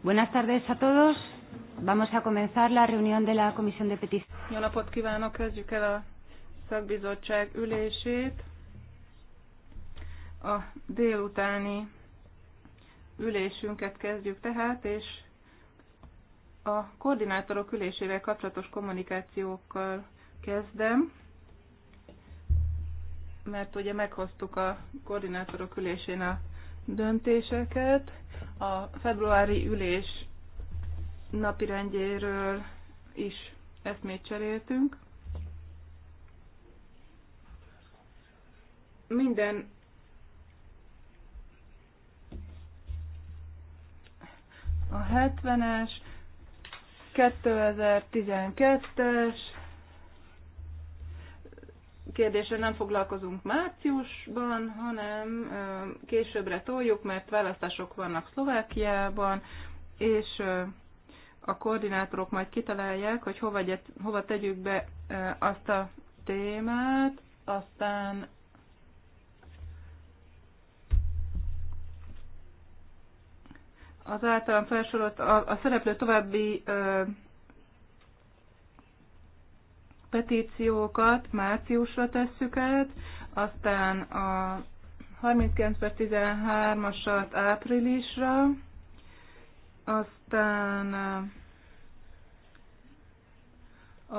Buenas tardes a todos. Vamos a comenzar la reunión de la Comisión de Peticiones. Jó napot kívánok, kezdjük el a szakbizottság ülését. A délutáni ülésünket kezdjük tehát, és a koordinátorok ülésével kapcsolatos kommunikációkkal kezdem, mert ugye meghoztuk a koordinátorok ülésén a döntéseket a februári ülés napirendjéről is eszmét cseréltünk. Minden a 70-es, 2012-es, kérdésre nem foglalkozunk márciusban, hanem későbbre toljuk, mert választások vannak Szlovákiában, és a koordinátorok majd kitalálják, hogy hova, gyet, hova tegyük be azt a témát, aztán az általam felsorolt a, a szereplő további petíciókat márciusra tesszük át, aztán a 39 13-asat áprilisra, aztán eh,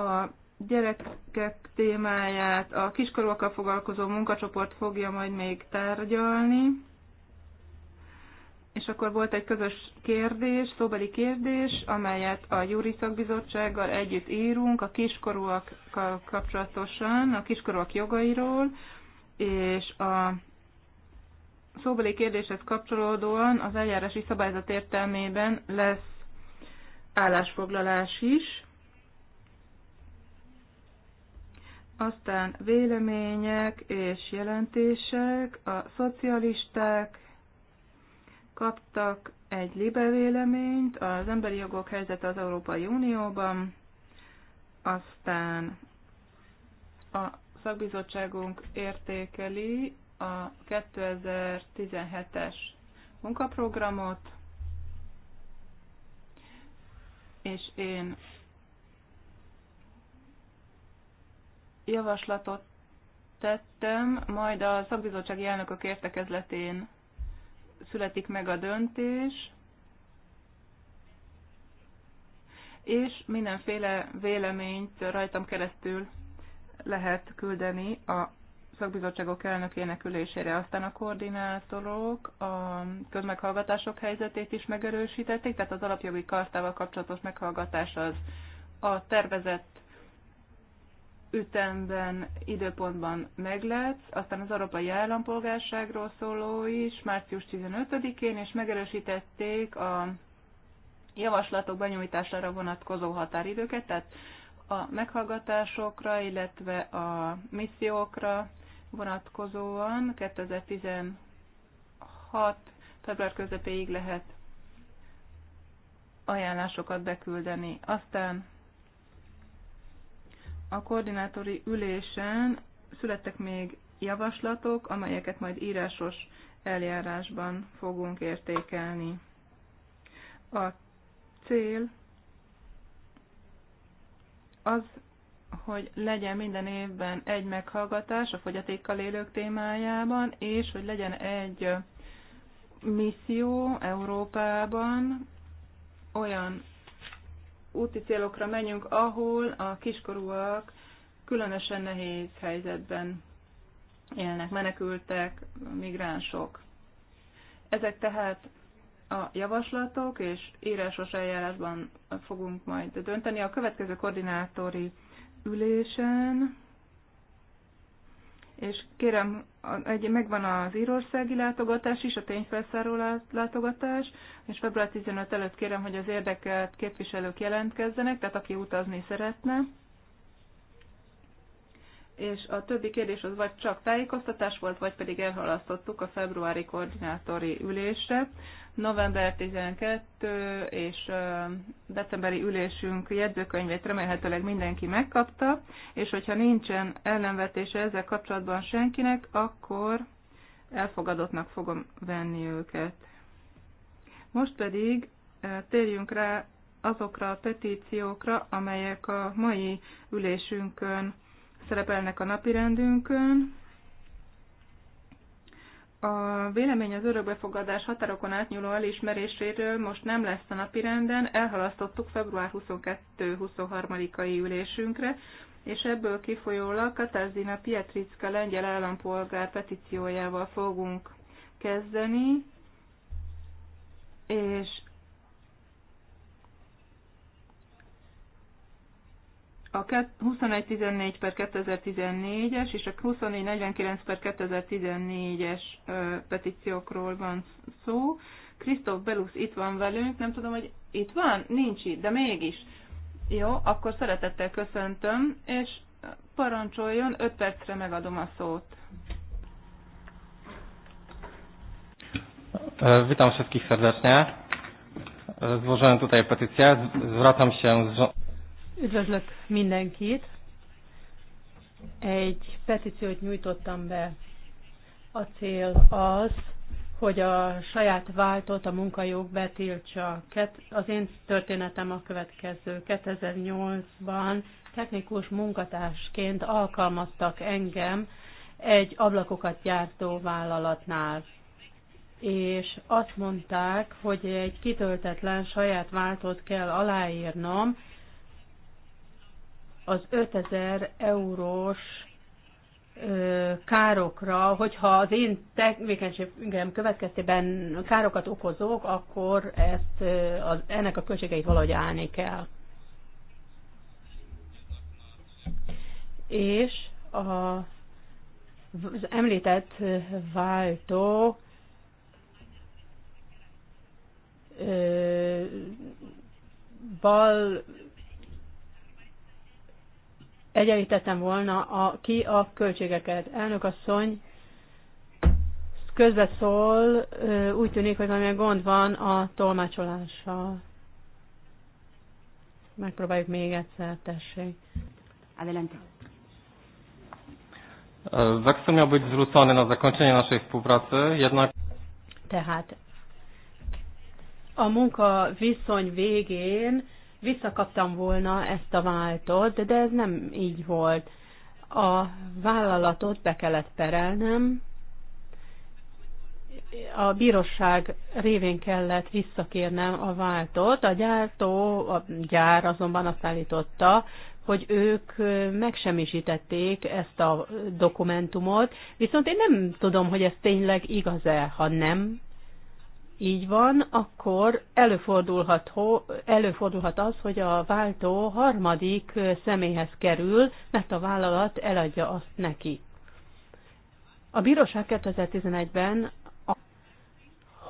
a gyerekek témáját a kiskorúakkal foglalkozó munkacsoport fogja majd még tárgyalni, és akkor volt egy közös kérdés, szóbeli kérdés, amelyet a Júri Szakbizottsággal együtt írunk a kiskorúakkal kapcsolatosan, a kiskorúak jogairól, és a szóbeli kérdéshez kapcsolódóan az eljárási szabályzat értelmében lesz állásfoglalás is. Aztán vélemények és jelentések, a szocialisták, Kaptak egy libe véleményt, az emberi jogok helyzete az Európai Unióban, aztán a szakbizottságunk értékeli a 2017-es munkaprogramot, és én javaslatot tettem, majd a szakbizottsági elnökök értekezletén születik meg a döntés, és mindenféle véleményt rajtam keresztül lehet küldeni a szakbizottságok elnökének ülésére. Aztán a koordinátorok a közmeghallgatások helyzetét is megerősítették, tehát az alapjogi kartával kapcsolatos meghallgatás az a tervezett ütemben, időpontban meglátsz, aztán az európai állampolgárságról szóló is március 15-én, és megerősítették a javaslatok benyújtására vonatkozó határidőket, tehát a meghallgatásokra, illetve a missziókra vonatkozóan 2016 február közepéig lehet ajánlásokat beküldeni. Aztán a koordinátori ülésen születtek még javaslatok, amelyeket majd írásos eljárásban fogunk értékelni. A cél az, hogy legyen minden évben egy meghallgatás a fogyatékkal élők témájában, és hogy legyen egy misszió Európában olyan úti célokra menjünk, ahol a kiskorúak különösen nehéz helyzetben élnek, menekültek, migránsok. Ezek tehát a javaslatok, és írásos eljárásban fogunk majd dönteni. A következő koordinátori ülésen és kérem, egy, megvan az írországi látogatás is, a tényfelszáró látogatás, és február 15 előtt kérem, hogy az érdekelt képviselők jelentkezzenek, tehát aki utazni szeretne. És a többi kérdés az vagy csak tájékoztatás volt, vagy pedig elhalasztottuk a februári koordinátori ülésre november 12 és decemberi ülésünk jegyzőkönyvét remélhetőleg mindenki megkapta, és hogyha nincsen ellenvetése ezzel kapcsolatban senkinek, akkor elfogadottnak fogom venni őket. Most pedig térjünk rá azokra a petíciókra, amelyek a mai ülésünkön szerepelnek a napirendünkön. A vélemény az örökbefogadás határokon átnyúló elismeréséről most nem lesz a napirenden, elhalasztottuk február 22-23-ai ülésünkre, és ebből kifolyólag Katarzina Pietricka lengyel állampolgár petíciójával fogunk kezdeni, és a 2114 per 2014-es és a 2449 per 2014-es petíciókról van szó. Krisztóf Belusz itt van velünk, nem tudom, hogy itt van? Nincs itt, de mégis. Jó, akkor szeretettel köszöntöm, és parancsoljon, 5 percre megadom a szót. Witam wszystkich serdecznie. Złożyłem tutaj petycję. Zwracam się z Üdvözlök mindenkit. Egy petíciót nyújtottam be. A cél az, hogy a saját váltót a munkajog betiltsa. Az én történetem a következő. 2008-ban technikus munkatársként alkalmaztak engem egy ablakokat gyártó vállalatnál és azt mondták, hogy egy kitöltetlen saját váltót kell aláírnom, az 5000 eurós károkra, hogyha az én tevékenységem következtében károkat okozok, akkor ezt, az, ennek a költségeit valahogy állni kell. És a, az említett váltó bal egyenlítettem volna a, ki a költségeket. Elnök asszony szól, úgy tűnik, hogy valamilyen gond van a tolmácsolással. Megpróbáljuk még egyszer, tessék. Adelante. Vekszem, miał być zwrócony na zakończenie naszej współpracy, jednak... Tehát a munka viszony végén visszakaptam volna ezt a váltot, de ez nem így volt. A vállalatot be kellett perelnem, a bíróság révén kellett visszakérnem a váltot, A gyártó, a gyár azonban azt állította, hogy ők megsemmisítették ezt a dokumentumot, viszont én nem tudom, hogy ez tényleg igaz-e, ha nem, így van, akkor előfordulhat, előfordulhat az, hogy a váltó harmadik személyhez kerül, mert a vállalat eladja azt neki. A bíróság 2011-ben,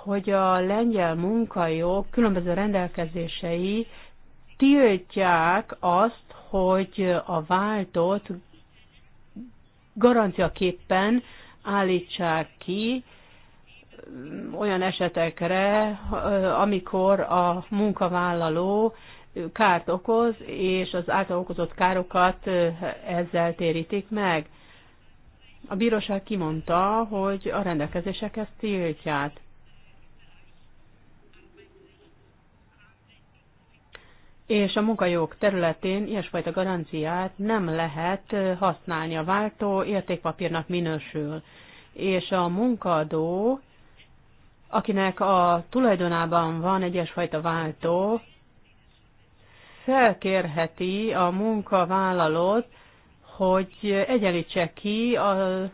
hogy a lengyel munkajog különböző rendelkezései tiltják azt, hogy a váltót garanciaképpen állítsák ki, olyan esetekre, eh, amikor a munkavállaló kárt okoz, és az által okozott károkat eh, ezzel térítik meg. A bíróság kimondta, hogy a rendelkezések ezt tiltják. És a munkajog területén ilyesfajta garanciát nem lehet eh, használni. A váltó értékpapírnak minősül. És a munkadó akinek a tulajdonában van egyesfajta váltó, felkérheti a munkavállalót, hogy egyenlítse ki az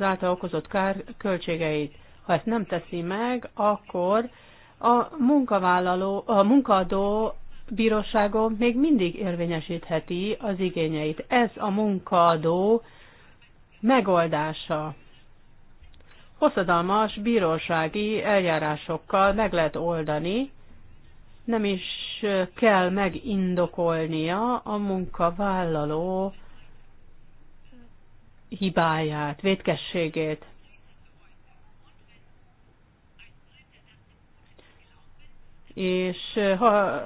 által okozott kár költségeit. Ha ezt nem teszi meg, akkor a, munkavállaló, a munkadó bíróságon még mindig érvényesítheti az igényeit. Ez a munkadó megoldása hosszadalmas bírósági eljárásokkal meg lehet oldani, nem is kell megindokolnia a munkavállaló hibáját, vétkességét. És ha,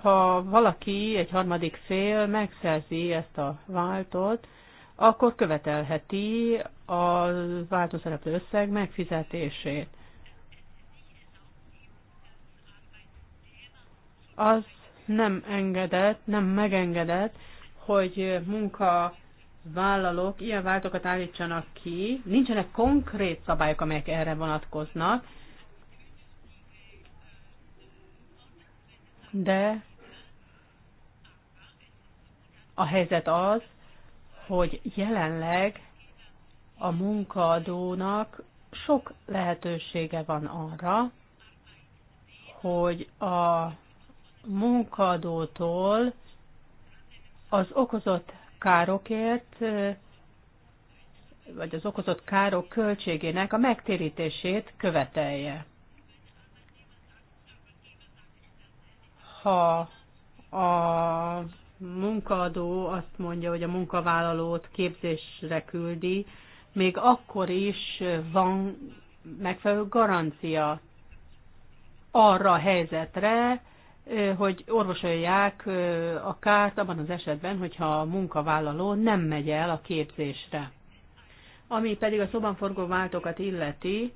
ha valaki, egy harmadik fél megszerzi ezt a váltot, akkor követelheti a változszereplő összeg megfizetését. Az nem engedett, nem megengedett, hogy munka vállalók ilyen váltokat állítsanak ki, nincsenek konkrét szabályok, amelyek erre vonatkoznak, de a helyzet az, hogy jelenleg a munkaadónak sok lehetősége van arra, hogy a munkadótól az okozott károkért, vagy az okozott károk költségének a megtérítését követelje. Ha a munkaadó azt mondja, hogy a munkavállalót képzésre küldi, még akkor is van megfelelő garancia arra a helyzetre, hogy orvosolják a kárt abban az esetben, hogyha a munkavállaló nem megy el a képzésre. Ami pedig a szobanforgó váltókat illeti,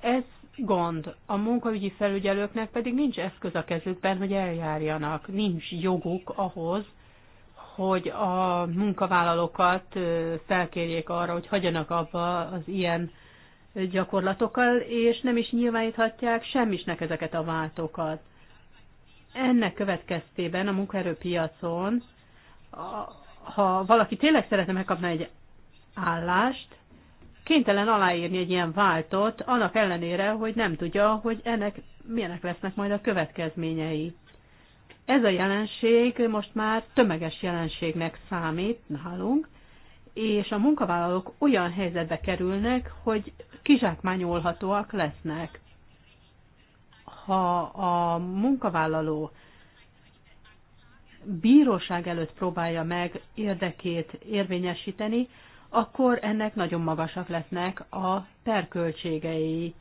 ez gond. A munkaügyi felügyelőknek pedig nincs eszköz a kezükben, hogy eljárjanak. Nincs joguk ahhoz, hogy a munkavállalókat felkérjék arra, hogy hagyjanak abba az ilyen gyakorlatokkal, és nem is nyilváníthatják semmisnek ezeket a váltókat. Ennek következtében a munkaerőpiacon, ha valaki tényleg szeretne megkapni egy állást, kénytelen aláírni egy ilyen váltot, annak ellenére, hogy nem tudja, hogy ennek milyenek lesznek majd a következményei. Ez a jelenség most már tömeges jelenségnek számít nálunk, és a munkavállalók olyan helyzetbe kerülnek, hogy kizsákmányolhatóak lesznek. Ha a munkavállaló bíróság előtt próbálja meg érdekét érvényesíteni, akkor ennek nagyon magasak lesznek a perköltségei.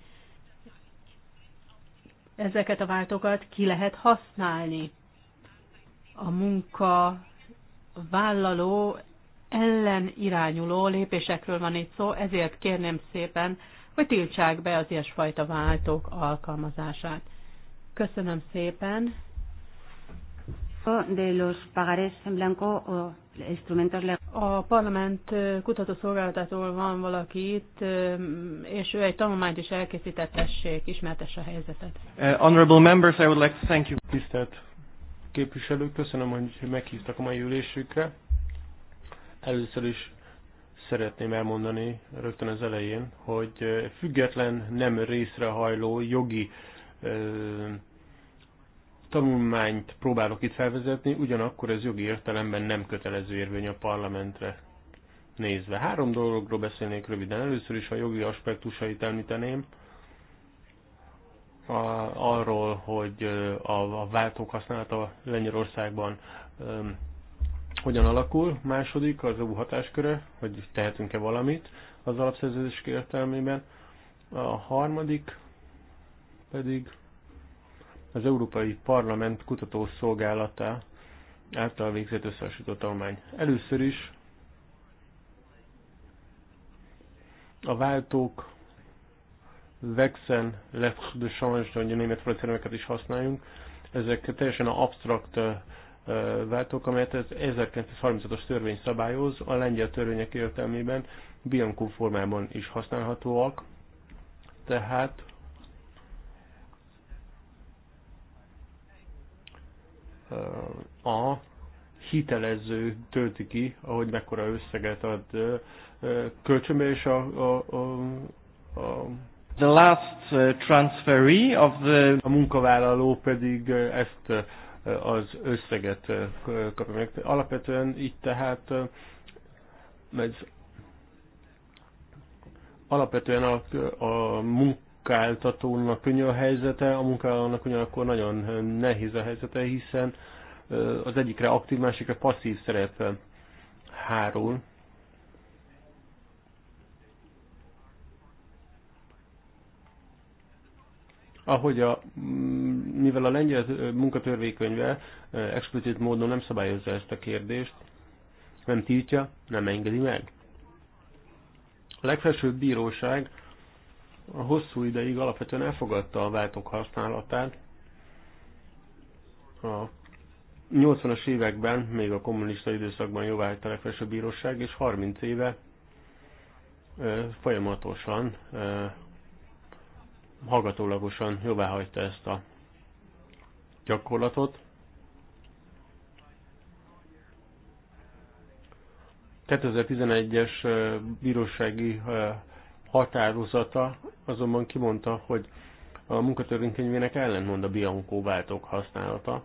Ezeket a váltókat ki lehet használni. A munka vállaló ellen irányuló lépésekről van itt szó, ezért kérném szépen, hogy tiltsák be az ilyesfajta váltók alkalmazását. Köszönöm szépen! de los pagarés en blanco o instrumentos A parlament eh, szolgálatától van valaki itt, eh, és ő egy tanulmányt is elkészített, tessék, ismertesse a helyzetet. Uh, honorable members, I would like to thank you. Tisztelt képviselők, köszönöm, hogy meghívtak a mai ülésükre. Először is szeretném elmondani rögtön az elején, hogy független, nem részrehajló jogi tanulmányt próbálok itt felvezetni, ugyanakkor ez jogi értelemben nem kötelező érvény a parlamentre nézve. Három dologról beszélnék röviden. Először is a jogi aspektusait említeném. A, arról, hogy a, a váltók használata Lengyelországban um, hogyan alakul. Második az EU hatásköre, hogy tehetünk-e valamit az alapszerződés értelmében. A harmadik pedig az Európai Parlament kutatószolgálata által végzett összehasonlító tanulmány. Először is a váltók Vexen, Left de Change, hogy a német franciákat is használjunk, ezek teljesen abstrakt váltók, amelyet az 1936-os törvény szabályoz, a lengyel törvények értelmében Bianco formában is használhatóak, tehát a hitelező tölti ki, ahogy mekkora összeget ad kölcsönbe, és a, a, a, a The last uh, transferee of the... A munkavállaló pedig ezt az összeget kapja meg. Alapvetően itt tehát ez alapvetően a, a munka munkáltatónak könnyű a helyzete, a munkálónak ugyanakkor nagyon nehéz a helyzete, hiszen az egyikre aktív, másikra passzív szerepe hárul. ahogy a, mm, mivel a lengyel munkatörvénykönyve explicit módon nem szabályozza ezt a kérdést, nem tiltja, nem engedi meg. A legfelsőbb bíróság a hosszú ideig alapvetően elfogadta a váltók használatát. A 80-as években, még a kommunista időszakban jóváhagyta a legfelsőbb bíróság, és 30 éve folyamatosan, hallgatólagosan jóváhagyta ezt a gyakorlatot. ...2011-es bírósági határozata azonban kimondta, hogy a munkatörvénykönyvének ellentmond a Bianco váltók használata.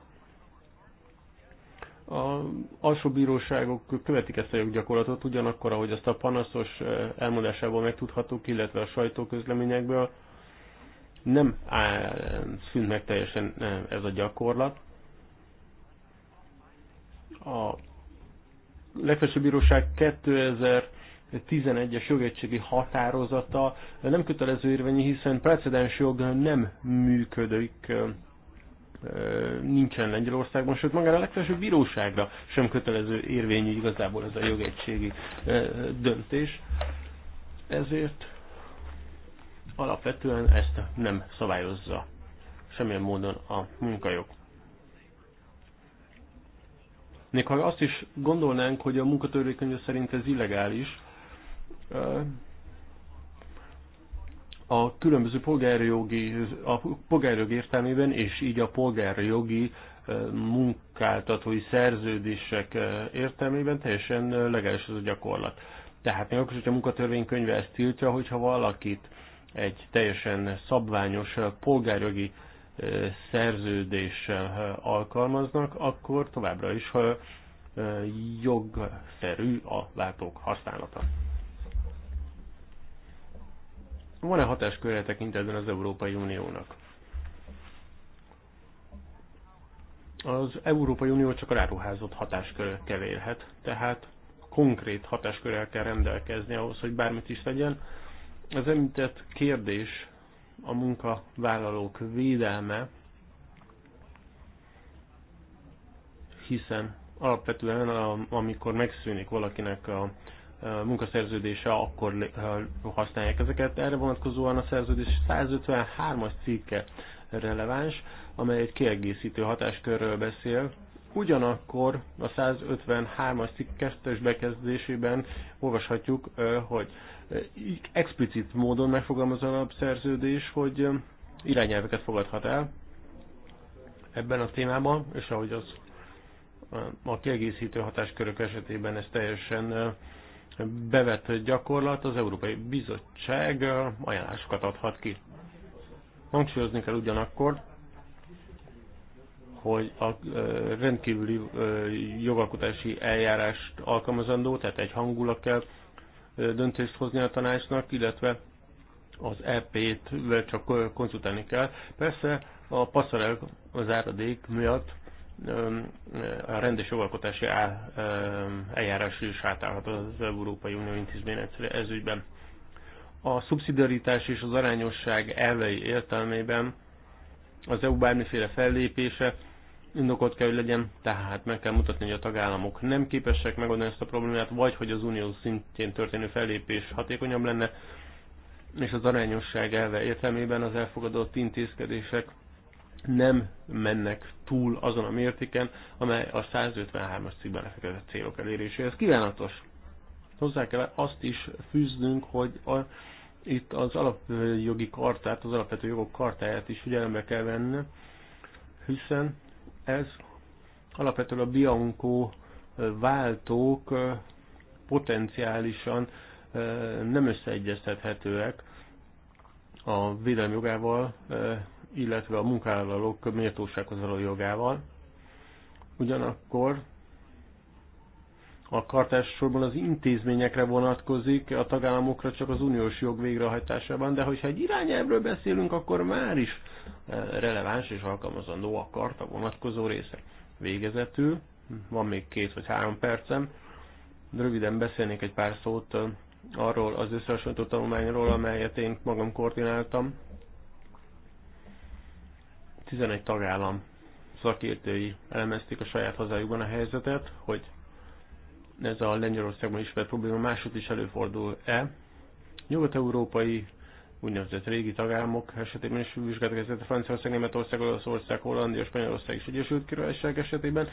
A alsó bíróságok követik ezt a joggyakorlatot, ugyanakkor, ahogy azt a panaszos eh, elmondásából megtudhatók illetve a sajtóközleményekből, nem szűnt meg teljesen eh, ez a gyakorlat. A legfelsőbb bíróság 2000 11-es jogegységi határozata nem kötelező érvényű, hiszen precedens jog nem működik nincsen Lengyelországban, sőt magára a legfelsőbb bíróságra sem kötelező érvényű igazából ez a jogegységi döntés. Ezért alapvetően ezt nem szabályozza semmilyen módon a munkajog. Még ha azt is gondolnánk, hogy a munkatörvénykönyv szerint ez illegális, a különböző polgárjogi, a polgárjogi értelmében, és így a polgárjogi munkáltatói szerződések értelmében teljesen legális ez a gyakorlat. Tehát még akkor, hogyha a munkatörvénykönyve ezt tiltja, hogyha valakit egy teljesen szabványos polgárjogi szerződéssel alkalmaznak, akkor továbbra is jogszerű a látók használata. Van-e hatáskörre tekintetben az Európai Uniónak? Az Európai Unió csak a ráruházott hatáskörökkel élhet, tehát konkrét hatáskörrel kell rendelkezni ahhoz, hogy bármit is tegyen. Az említett kérdés a munkavállalók védelme, hiszen alapvetően amikor megszűnik valakinek a munkaszerződése, akkor használják ezeket. Erre vonatkozóan a szerződés 153-as cikke releváns, amely egy kiegészítő hatáskörről beszél. Ugyanakkor a 153-as cikk kettes bekezdésében olvashatjuk, hogy explicit módon megfogalmazza a szerződés, hogy irányelveket fogadhat el ebben a témában, és ahogy az a kiegészítő hatáskörök esetében ez teljesen bevett gyakorlat, az Európai Bizottság ajánlásokat adhat ki. Hangsúlyozni kell ugyanakkor, hogy a rendkívüli jogalkotási eljárást alkalmazandó, tehát egy hangulat kell döntést hozni a tanácsnak, illetve az EP-t csak konzultálni kell. Persze a passzarel az áradék miatt a rendes jogalkotási eljárás is átállhat az Európai Unió ez ügyben. A szubszidiaritás és az arányosság elvei értelmében az EU bármiféle fellépése indokot kell, hogy legyen, tehát meg kell mutatni, hogy a tagállamok nem képesek megoldani ezt a problémát, vagy hogy az unió szintjén történő fellépés hatékonyabb lenne, és az arányosság elve értelmében az elfogadott intézkedések nem mennek túl azon a mértéken, amely a 153-as cikkben lefektetett célok eléréséhez kívánatos. Hozzá kell azt is fűznünk, hogy a, itt az alapjogi kartát, az alapvető jogok kartáját is figyelembe kell venni, hiszen ez alapvetően a Bianco váltók potenciálisan nem összeegyeztethetőek a védelmi jogával illetve a munkavállalók méltósághoz való jogával. Ugyanakkor a kartásosorban sorban az intézményekre vonatkozik, a tagállamokra csak az uniós jog végrehajtásában, de hogyha egy irányelvről beszélünk, akkor már is eh, releváns és alkalmazandó a karta vonatkozó része. Végezetül, van még két vagy három percem, röviden beszélnék egy pár szót eh, arról az összehasonlító tanulmányról, amelyet én magam koordináltam. 11 tagállam szakértői elemezték a saját hazájukban a helyzetet, hogy ez a Lengyelországban ismert probléma máshogy is előfordul-e. Nyugat-európai úgynevezett régi tagállamok esetében is vizsgáltak ezt a Franciaország, Németország, Olaszország, Hollandia, Spanyolország és Egyesült Királyság esetében.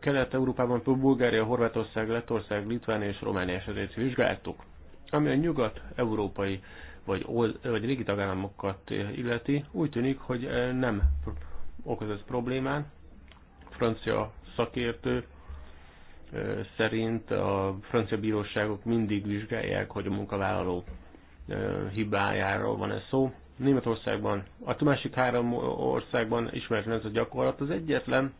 Kelet-Európában Bulgária, Horvátország, Lettország, Litvánia és Románia esetét vizsgáltuk. Ami a nyugat-európai vagy, old, vagy régi tagállamokat illeti, úgy tűnik, hogy eh, nem okozott problémán. Francia szakértő eh, szerint a francia bíróságok mindig vizsgálják, hogy a munkavállaló eh, hibájáról van-e szó. Németországban, a másik három országban ismert ez a gyakorlat. Az egyetlen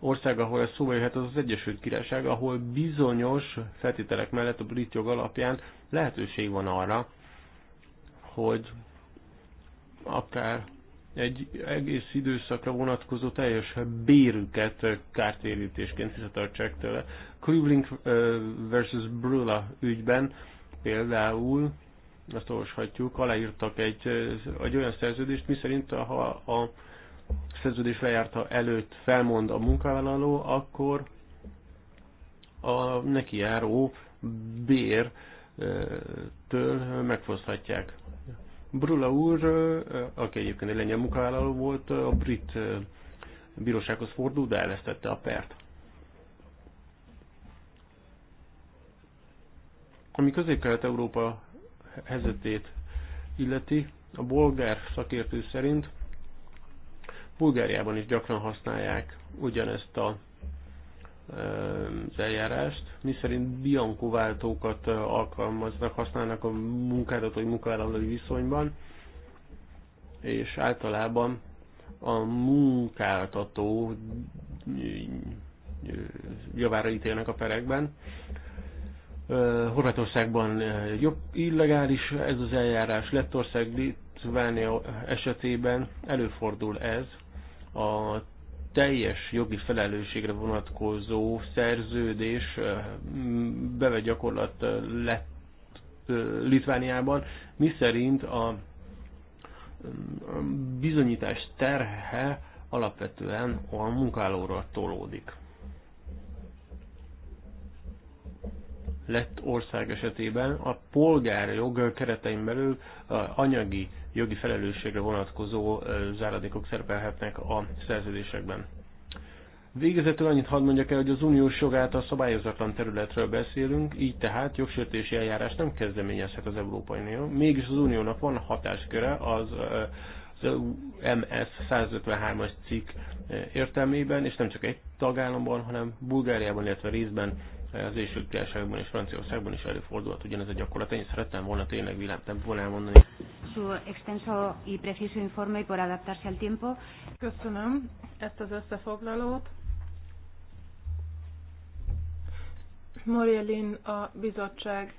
ország, ahol ez szóba jöhet, az az Egyesült Királyság, ahol bizonyos feltételek mellett a brit jog alapján lehetőség van arra, hogy akár egy egész időszakra vonatkozó teljes bérüket kártérítésként visszatartsák tőle. Cleveland versus Brula ügyben például azt olvashatjuk, aláírtak egy, egy olyan szerződést, miszerint ha a szerződés lejárta előtt felmond a munkavállaló, akkor a neki járó bér től megfoszthatják. Brula úr, aki egyébként egy lengyel munkavállaló volt, a brit bírósághoz fordult, de elvesztette a pert. Ami közép-kelet-európa helyzetét illeti, a bolgár szakértő szerint Bulgáriában is gyakran használják ugyanezt a az eljárást, miszerint Bianco váltókat alkalmaznak, használnak a munkádatói munkavállalói viszonyban, és általában a munkáltató javára ítélnek a perekben. Horvátországban jobb illegális ez az eljárás, Lettország, Litvánia esetében előfordul ez, a teljes jogi felelősségre vonatkozó szerződés beve gyakorlat lett Litvániában, miszerint a bizonyítás terhe alapvetően a munkálóra tolódik. lett ország esetében a polgárjog keretein belül anyagi jogi felelősségre vonatkozó záradékok szerepelhetnek a szerződésekben. Végezetül annyit hadd mondjak el, hogy az uniós jog által szabályozatlan területről beszélünk, így tehát jogsértési eljárás nem kezdeményezhet az Európai Unió. Mégis az uniónak van hatásköre az, az e MS 153-as cikk értelmében, és nem csak egy tagállamban, hanem Bulgáriában, illetve részben az Egyesült Királyságban és Franciaországban is előfordulhat ugyanez a gyakorlat. Én szerettem volna tényleg volna elmondani. Su extenso y preciso informe por adaptarse al tiempo. Köszönöm ezt az összefoglalót. Morielin a bizottság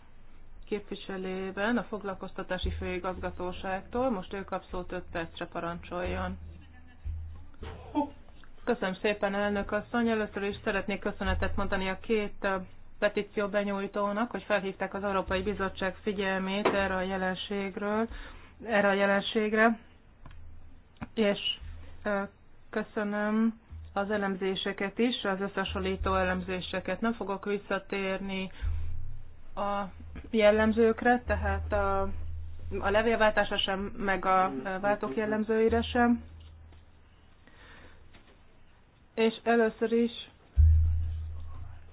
képviselében a foglalkoztatási főigazgatóságtól. Most ő kap szót 5 percre parancsoljon. Köszönöm szépen, elnök asszony. Először is szeretnék köszönetet mondani a két petíció benyújtónak, hogy felhívták az Európai Bizottság figyelmét erre a jelenségről, erre a jelenségre, és köszönöm az elemzéseket is, az összehasonlító elemzéseket. Nem fogok visszatérni a jellemzőkre, tehát a, a levélváltásra sem, meg a váltók jellemzőire sem és először is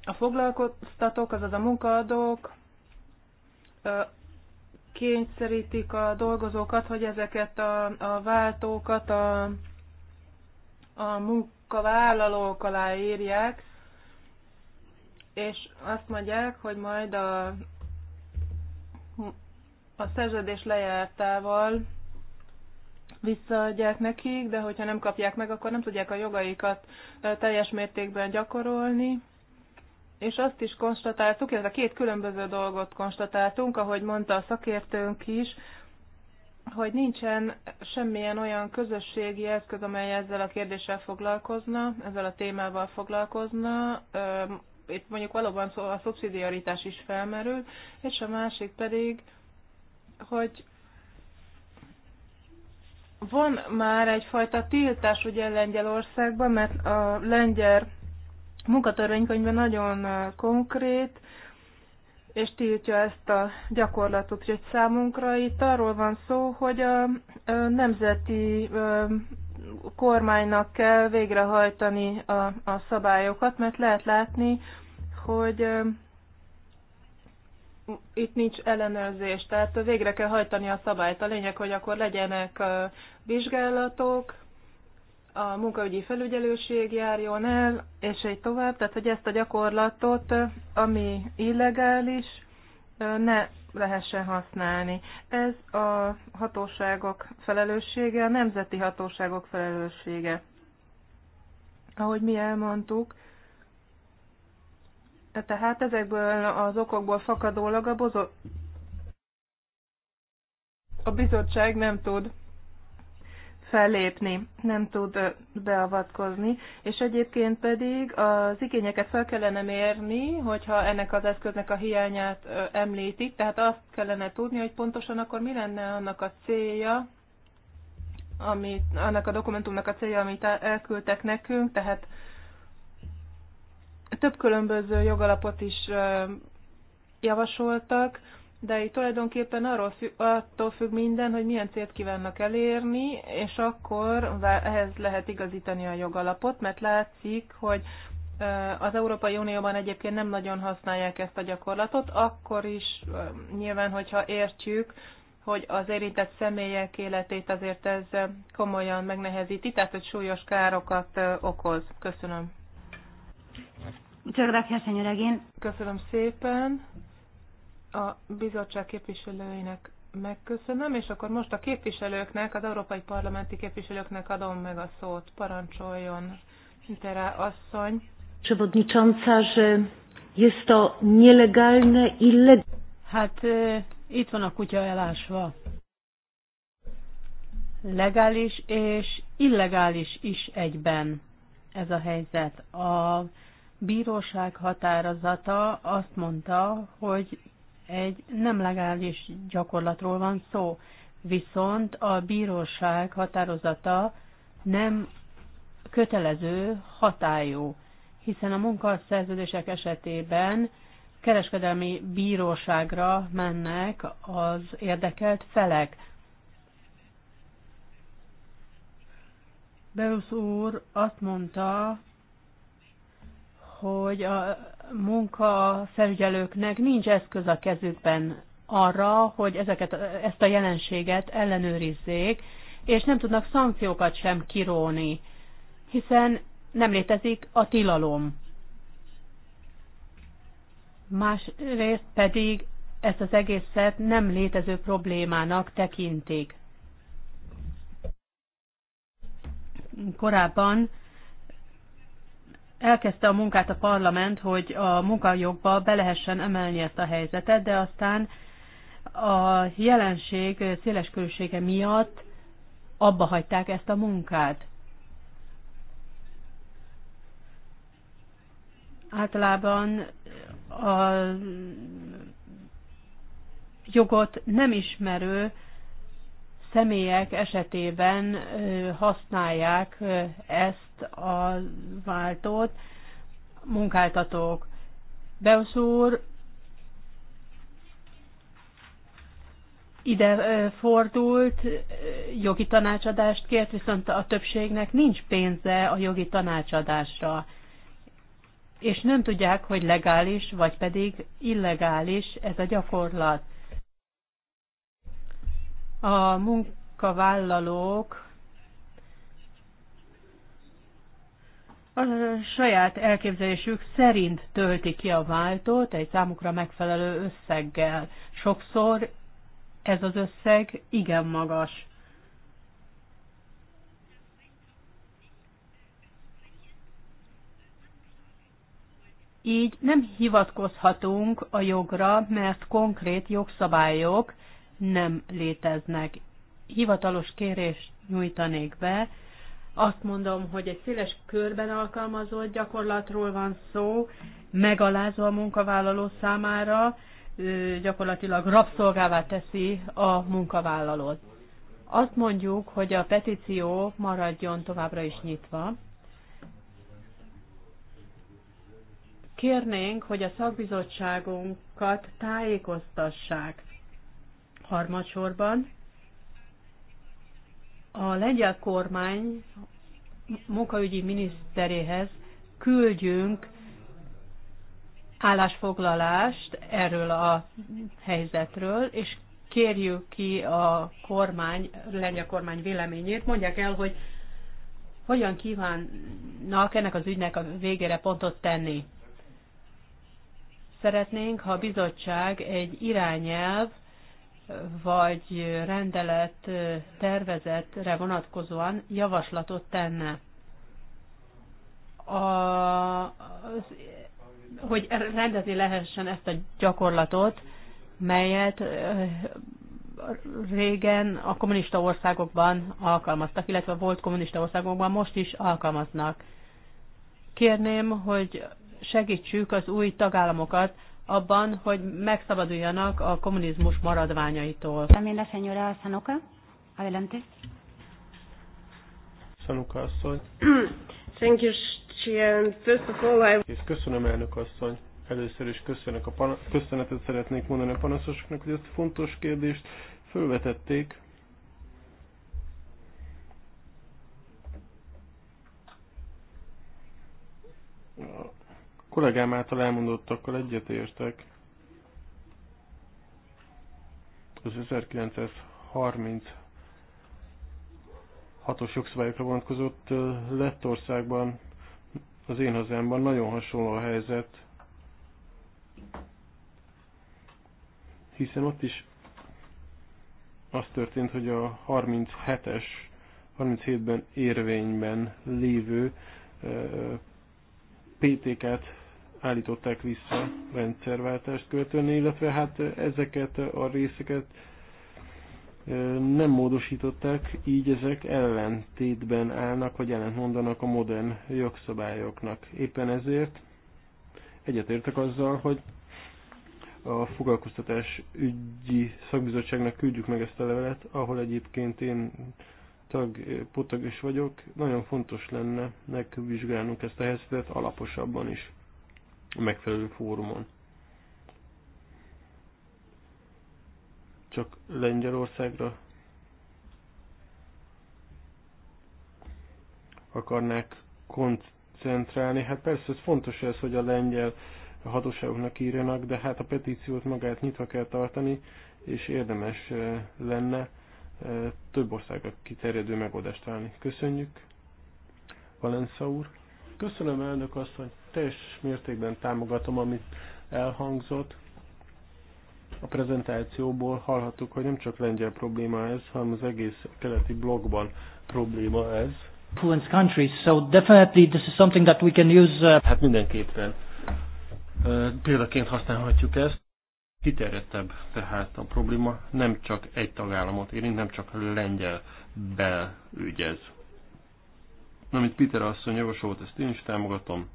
a foglalkoztatók, azaz a munkaadók kényszerítik a dolgozókat, hogy ezeket a, a váltókat a, a munkavállalók alá írják, és azt mondják, hogy majd a, a szerződés lejártával visszaadják nekik, de hogyha nem kapják meg, akkor nem tudják a jogaikat teljes mértékben gyakorolni. És azt is konstatáltuk, illetve két különböző dolgot konstatáltunk, ahogy mondta a szakértőnk is, hogy nincsen semmilyen olyan közösségi eszköz, amely ezzel a kérdéssel foglalkozna, ezzel a témával foglalkozna. Itt mondjuk valóban a szubszidiaritás is felmerül, és a másik pedig, hogy van már egyfajta tiltás ugye Lengyelországban, mert a lengyel munkatörvénykönyvben nagyon konkrét, és tiltja ezt a gyakorlatot. hogy számunkra itt arról van szó, hogy a nemzeti kormánynak kell végrehajtani a, a szabályokat, mert lehet látni, hogy itt nincs ellenőrzés, tehát végre kell hajtani a szabályt. A lényeg, hogy akkor legyenek vizsgálatok, a munkaügyi felügyelőség járjon el, és egy tovább, tehát hogy ezt a gyakorlatot, ami illegális, ne lehessen használni. Ez a hatóságok felelőssége, a nemzeti hatóságok felelőssége. Ahogy mi elmondtuk, tehát ezekből az okokból fakadólag a, bozo- a bizottság nem tud fellépni, nem tud beavatkozni, és egyébként pedig az igényeket fel kellene mérni, hogyha ennek az eszköznek a hiányát említik, tehát azt kellene tudni, hogy pontosan akkor mi lenne annak a célja, amit, annak a dokumentumnak a célja, amit elküldtek nekünk, tehát több különböző jogalapot is javasoltak, de itt tulajdonképpen arról függ, attól függ minden, hogy milyen célt kívánnak elérni, és akkor ehhez lehet igazítani a jogalapot, mert látszik, hogy az Európai Unióban egyébként nem nagyon használják ezt a gyakorlatot, akkor is nyilván, hogyha értjük, hogy az érintett személyek életét azért ez komolyan megnehezíti, tehát hogy súlyos károkat okoz. Köszönöm. Muchas gracias, señora Köszönöm szépen. A bizottság képviselőinek megköszönöm, és akkor most a képviselőknek, az európai parlamenti képviselőknek adom meg a szót. Parancsoljon, Interá asszony. Przewodnicząca, że jest to nielegalne, illegalne. Hát e, itt van a kutya elásva. Legális és illegális is egyben ez a helyzet. A bíróság határozata azt mondta, hogy egy nem legális gyakorlatról van szó, viszont a bíróság határozata nem kötelező hatályú, hiszen a munkaszerződések esetében kereskedelmi bíróságra mennek az érdekelt felek. Beusz úr azt mondta, hogy a munkafelügyelőknek nincs eszköz a kezükben arra, hogy ezeket, ezt a jelenséget ellenőrizzék, és nem tudnak szankciókat sem kiróni, hiszen nem létezik a tilalom. Másrészt pedig ezt az egészet nem létező problémának tekintik. Korábban elkezdte a munkát a parlament, hogy a munkajogba be lehessen emelni ezt a helyzetet, de aztán a jelenség széles körülsége miatt abba hagyták ezt a munkát. Általában a jogot nem ismerő személyek esetében használják ezt a váltót munkáltatók. Beusz úr ide fordult, jogi tanácsadást kért, viszont a többségnek nincs pénze a jogi tanácsadásra, és nem tudják, hogy legális vagy pedig illegális ez a gyakorlat a munkavállalók a saját elképzelésük szerint tölti ki a váltót egy számukra megfelelő összeggel. Sokszor ez az összeg igen magas. Így nem hivatkozhatunk a jogra, mert konkrét jogszabályok nem léteznek. Hivatalos kérést nyújtanék be. Azt mondom, hogy egy széles körben alkalmazott gyakorlatról van szó, megalázó a munkavállaló számára, gyakorlatilag rabszolgává teszi a munkavállalót. Azt mondjuk, hogy a petíció maradjon továbbra is nyitva. Kérnénk, hogy a szakbizottságunkat tájékoztassák Harmadsorban a lengyel kormány munkaügyi miniszteréhez küldjünk állásfoglalást erről a helyzetről, és kérjük ki a kormány, lengyel kormány véleményét, mondják el, hogy hogyan kívánnak ennek az ügynek a végére pontot tenni. Szeretnénk, ha a bizottság egy irányelv vagy rendelet tervezetre vonatkozóan javaslatot tenne. A, az, hogy rendezni lehessen ezt a gyakorlatot, melyet régen a kommunista országokban alkalmaztak, illetve volt kommunista országokban, most is alkalmaznak. Kérném, hogy segítsük az új tagállamokat abban, hogy megszabaduljanak a kommunizmus maradványaitól. También la señora Sanuka. adelante. Sanuka asszony. Thank you, first of all, I... Köszönöm, elnök asszony. Először is köszönök a pana... köszönetet szeretnék mondani a panaszosoknak, hogy ezt a fontos kérdést fölvetették kollégám által elmondottakkal egyetértek. Az 1936-os jogszabályokra vonatkozott Lettországban, az én hazámban nagyon hasonló a helyzet, hiszen ott is az történt, hogy a 37-es, 37-ben érvényben lévő PTK-t állították vissza rendszerváltást követően, illetve hát ezeket a részeket nem módosították, így ezek ellentétben állnak, vagy ellentmondanak a modern jogszabályoknak. Éppen ezért egyetértek azzal, hogy a foglalkoztatás ügyi szakbizottságnak küldjük meg ezt a levelet, ahol egyébként én tag, potag is vagyok. Nagyon fontos lenne megvizsgálnunk ezt a helyzetet alaposabban is a megfelelő fórumon. Csak Lengyelországra akarnák koncentrálni. Hát persze, ez fontos ez, hogy a lengyel hatóságoknak írjanak, de hát a petíciót magát nyitva kell tartani, és érdemes eh, lenne eh, több országra kiterjedő megoldást találni. Köszönjük, Valensza úr. Köszönöm, elnök asszony teljes mértékben támogatom, amit elhangzott. A prezentációból hallhattuk, hogy nem csak lengyel probléma ez, hanem az egész keleti blogban probléma ez. Countries, so definitely this is something that we can use. Uh, hát mindenképpen uh, példaként használhatjuk ezt. Kiterjedtebb tehát a probléma, nem csak egy tagállamot érint, nem csak lengyel belügyez. Amit Peter asszony javasolt, ezt én is támogatom.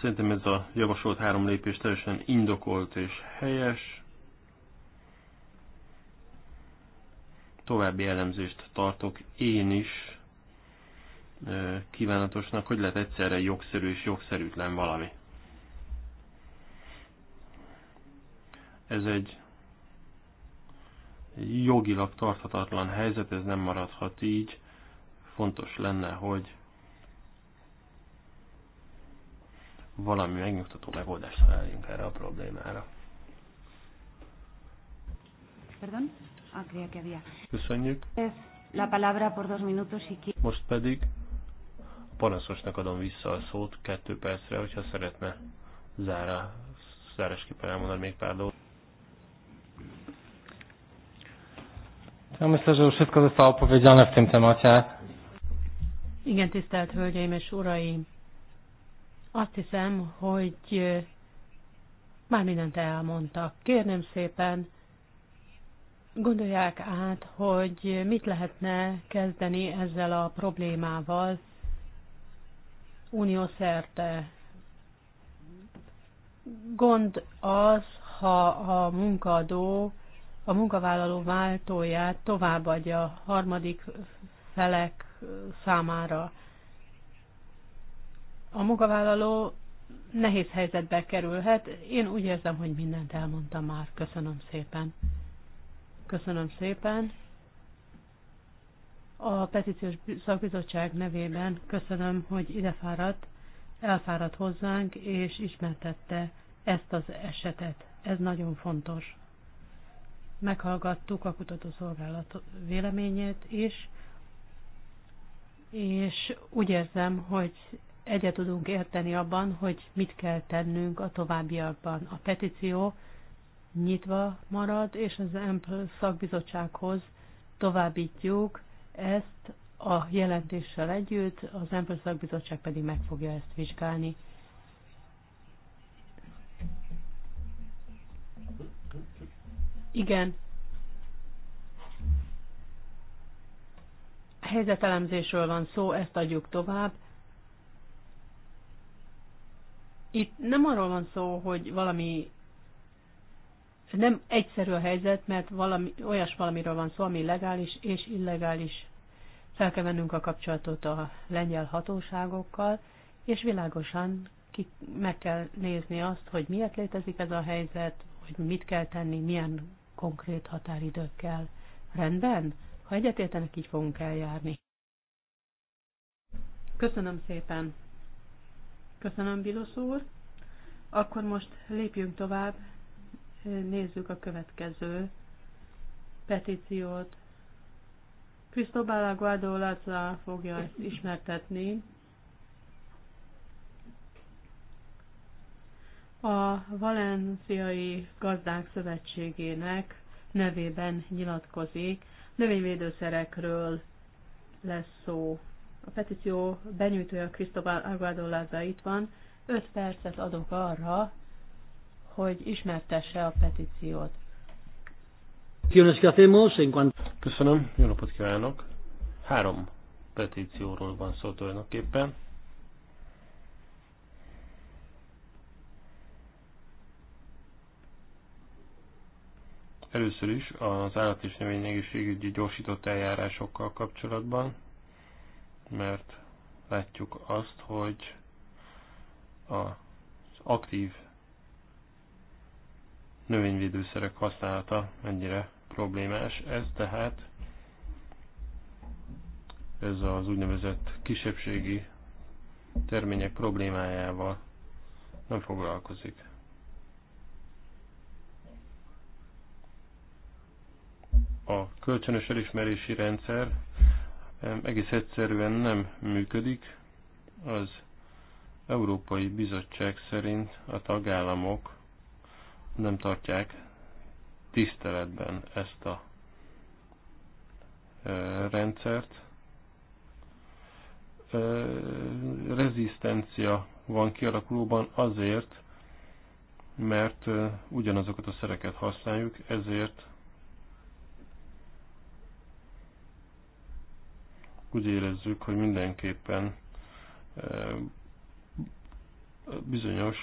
Szerintem ez a javasolt három lépés teljesen indokolt és helyes. További elemzést tartok én is kívánatosnak, hogy lehet egyszerre jogszerű és jogszerűtlen valami. Ez egy jogilag tarthatatlan helyzet, ez nem maradhat így. Fontos lenne, hogy valami megnyugtató megoldást találjunk erre a problémára. Perdón? Ah, creía que había. Köszönjük. La palabra por dos minutos y... Most pedig a panaszosnak adom vissza a szót kettő percre, hogyha szeretne zára, zárásképpen elmondani még pár dolgot. Ja myślę, że już wszystko zostało powiedziane w tym temacie. Igen, tisztelt Hölgyeim és Uraim! Azt hiszem, hogy már mindent elmondtak. Kérném szépen, gondolják át, hogy mit lehetne kezdeni ezzel a problémával uniószerte. Gond az, ha a munkadó a munkavállaló váltóját továbbadja harmadik felek számára a munkavállaló nehéz helyzetbe kerülhet. Én úgy érzem, hogy mindent elmondtam már. Köszönöm szépen. Köszönöm szépen. A petíciós szakbizottság nevében köszönöm, hogy ide fáradt, elfáradt hozzánk, és ismertette ezt az esetet. Ez nagyon fontos. Meghallgattuk a kutatószolgálat véleményét is, és úgy érzem, hogy egyet tudunk érteni abban, hogy mit kell tennünk a továbbiakban. A petíció nyitva marad, és az EMPL szakbizottsághoz továbbítjuk ezt a jelentéssel együtt, az EMPL szakbizottság pedig meg fogja ezt vizsgálni. Igen. Helyzetelemzésről van szó, ezt adjuk tovább. Itt nem arról van szó, hogy valami nem egyszerű a helyzet, mert valami, olyas valamiről van szó, ami legális és illegális. Fel kell vennünk a kapcsolatot a lengyel hatóságokkal, és világosan ki, meg kell nézni azt, hogy miért létezik ez a helyzet, hogy mit kell tenni, milyen konkrét határidőkkel. Rendben? Ha egyetértenek, így fogunk eljárni. Köszönöm szépen! Köszönöm, Bilosz úr. Akkor most lépjünk tovább, nézzük a következő petíciót. Cristobal Aguado Laza fogja ezt ismertetni. A Valenciai Gazdák Szövetségének nevében nyilatkozik, növényvédőszerekről lesz szó. A petíció benyújtója Cristobal Aguadolaza itt van. 5 percet adok arra, hogy ismertesse a petíciót. Köszönöm, jó napot kívánok! Három petícióról van szó tulajdonképpen. Először is az állat és növényegészségügyi gyorsított eljárásokkal kapcsolatban, mert látjuk azt, hogy az aktív növényvédőszerek használata mennyire problémás. Ez tehát ez az úgynevezett kisebbségi termények problémájával nem foglalkozik. A kölcsönös elismerési rendszer egész egyszerűen nem működik. Az Európai Bizottság szerint a tagállamok nem tartják tiszteletben ezt a e, rendszert. E, rezisztencia van kialakulóban azért, mert e, ugyanazokat a szereket használjuk, ezért úgy érezzük, hogy mindenképpen e, bizonyos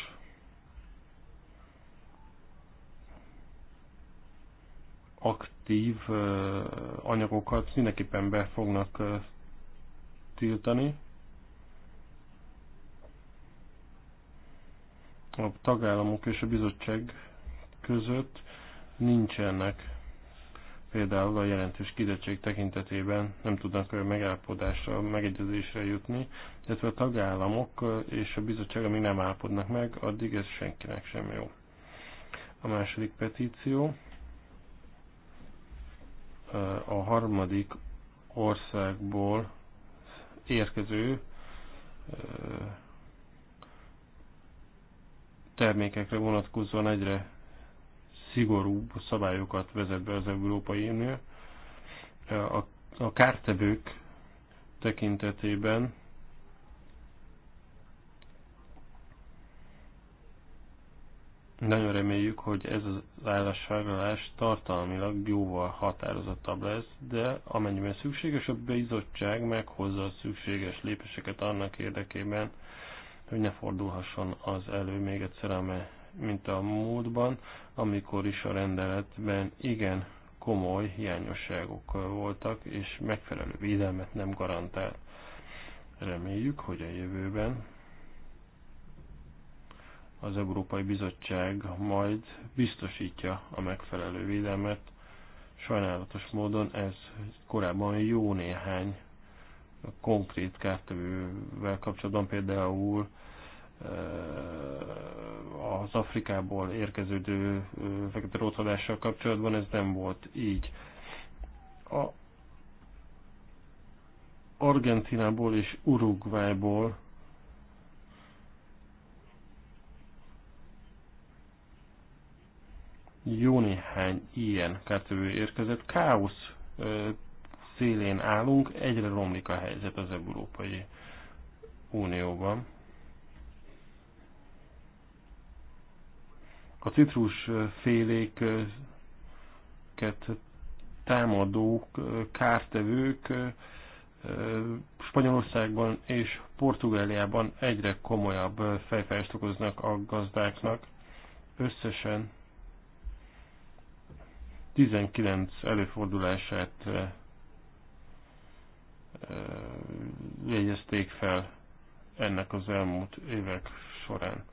aktív e, anyagokat mindenképpen be fognak e, tiltani. A tagállamok és a bizottság között nincsenek például a jelentős kizettség tekintetében nem tudnak megállapodásra, megegyezésre jutni, illetve a tagállamok és a bizottság, amíg nem állapodnak meg, addig ez senkinek sem jó. A második petíció a harmadik országból érkező termékekre vonatkozóan egyre szigorúbb szabályokat vezet be az Európai Unió. A, a kártevők tekintetében nagyon reméljük, hogy ez az állásfoglalás tartalmilag jóval határozottabb lesz, de amennyiben szükséges, a bizottság meghozza a szükséges lépéseket annak érdekében, hogy ne fordulhasson az elő még egyszer, amely mint a múltban, amikor is a rendeletben igen komoly hiányosságok voltak, és megfelelő védelmet nem garantált. Reméljük, hogy a jövőben az Európai Bizottság majd biztosítja a megfelelő védelmet. Sajnálatos módon ez korábban jó néhány konkrét kártevővel kapcsolatban, például az Afrikából érkeződő rothadással kapcsolatban ez nem volt így. A Argentinából és Uruguayból jó néhány ilyen kártevő érkezett. Káosz szélén állunk, egyre romlik a helyzet az Európai Unióban. a citrusféléket támadók, kártevők Spanyolországban és Portugáliában egyre komolyabb fejfájást okoznak a gazdáknak. Összesen 19 előfordulását jegyezték fel ennek az elmúlt évek során.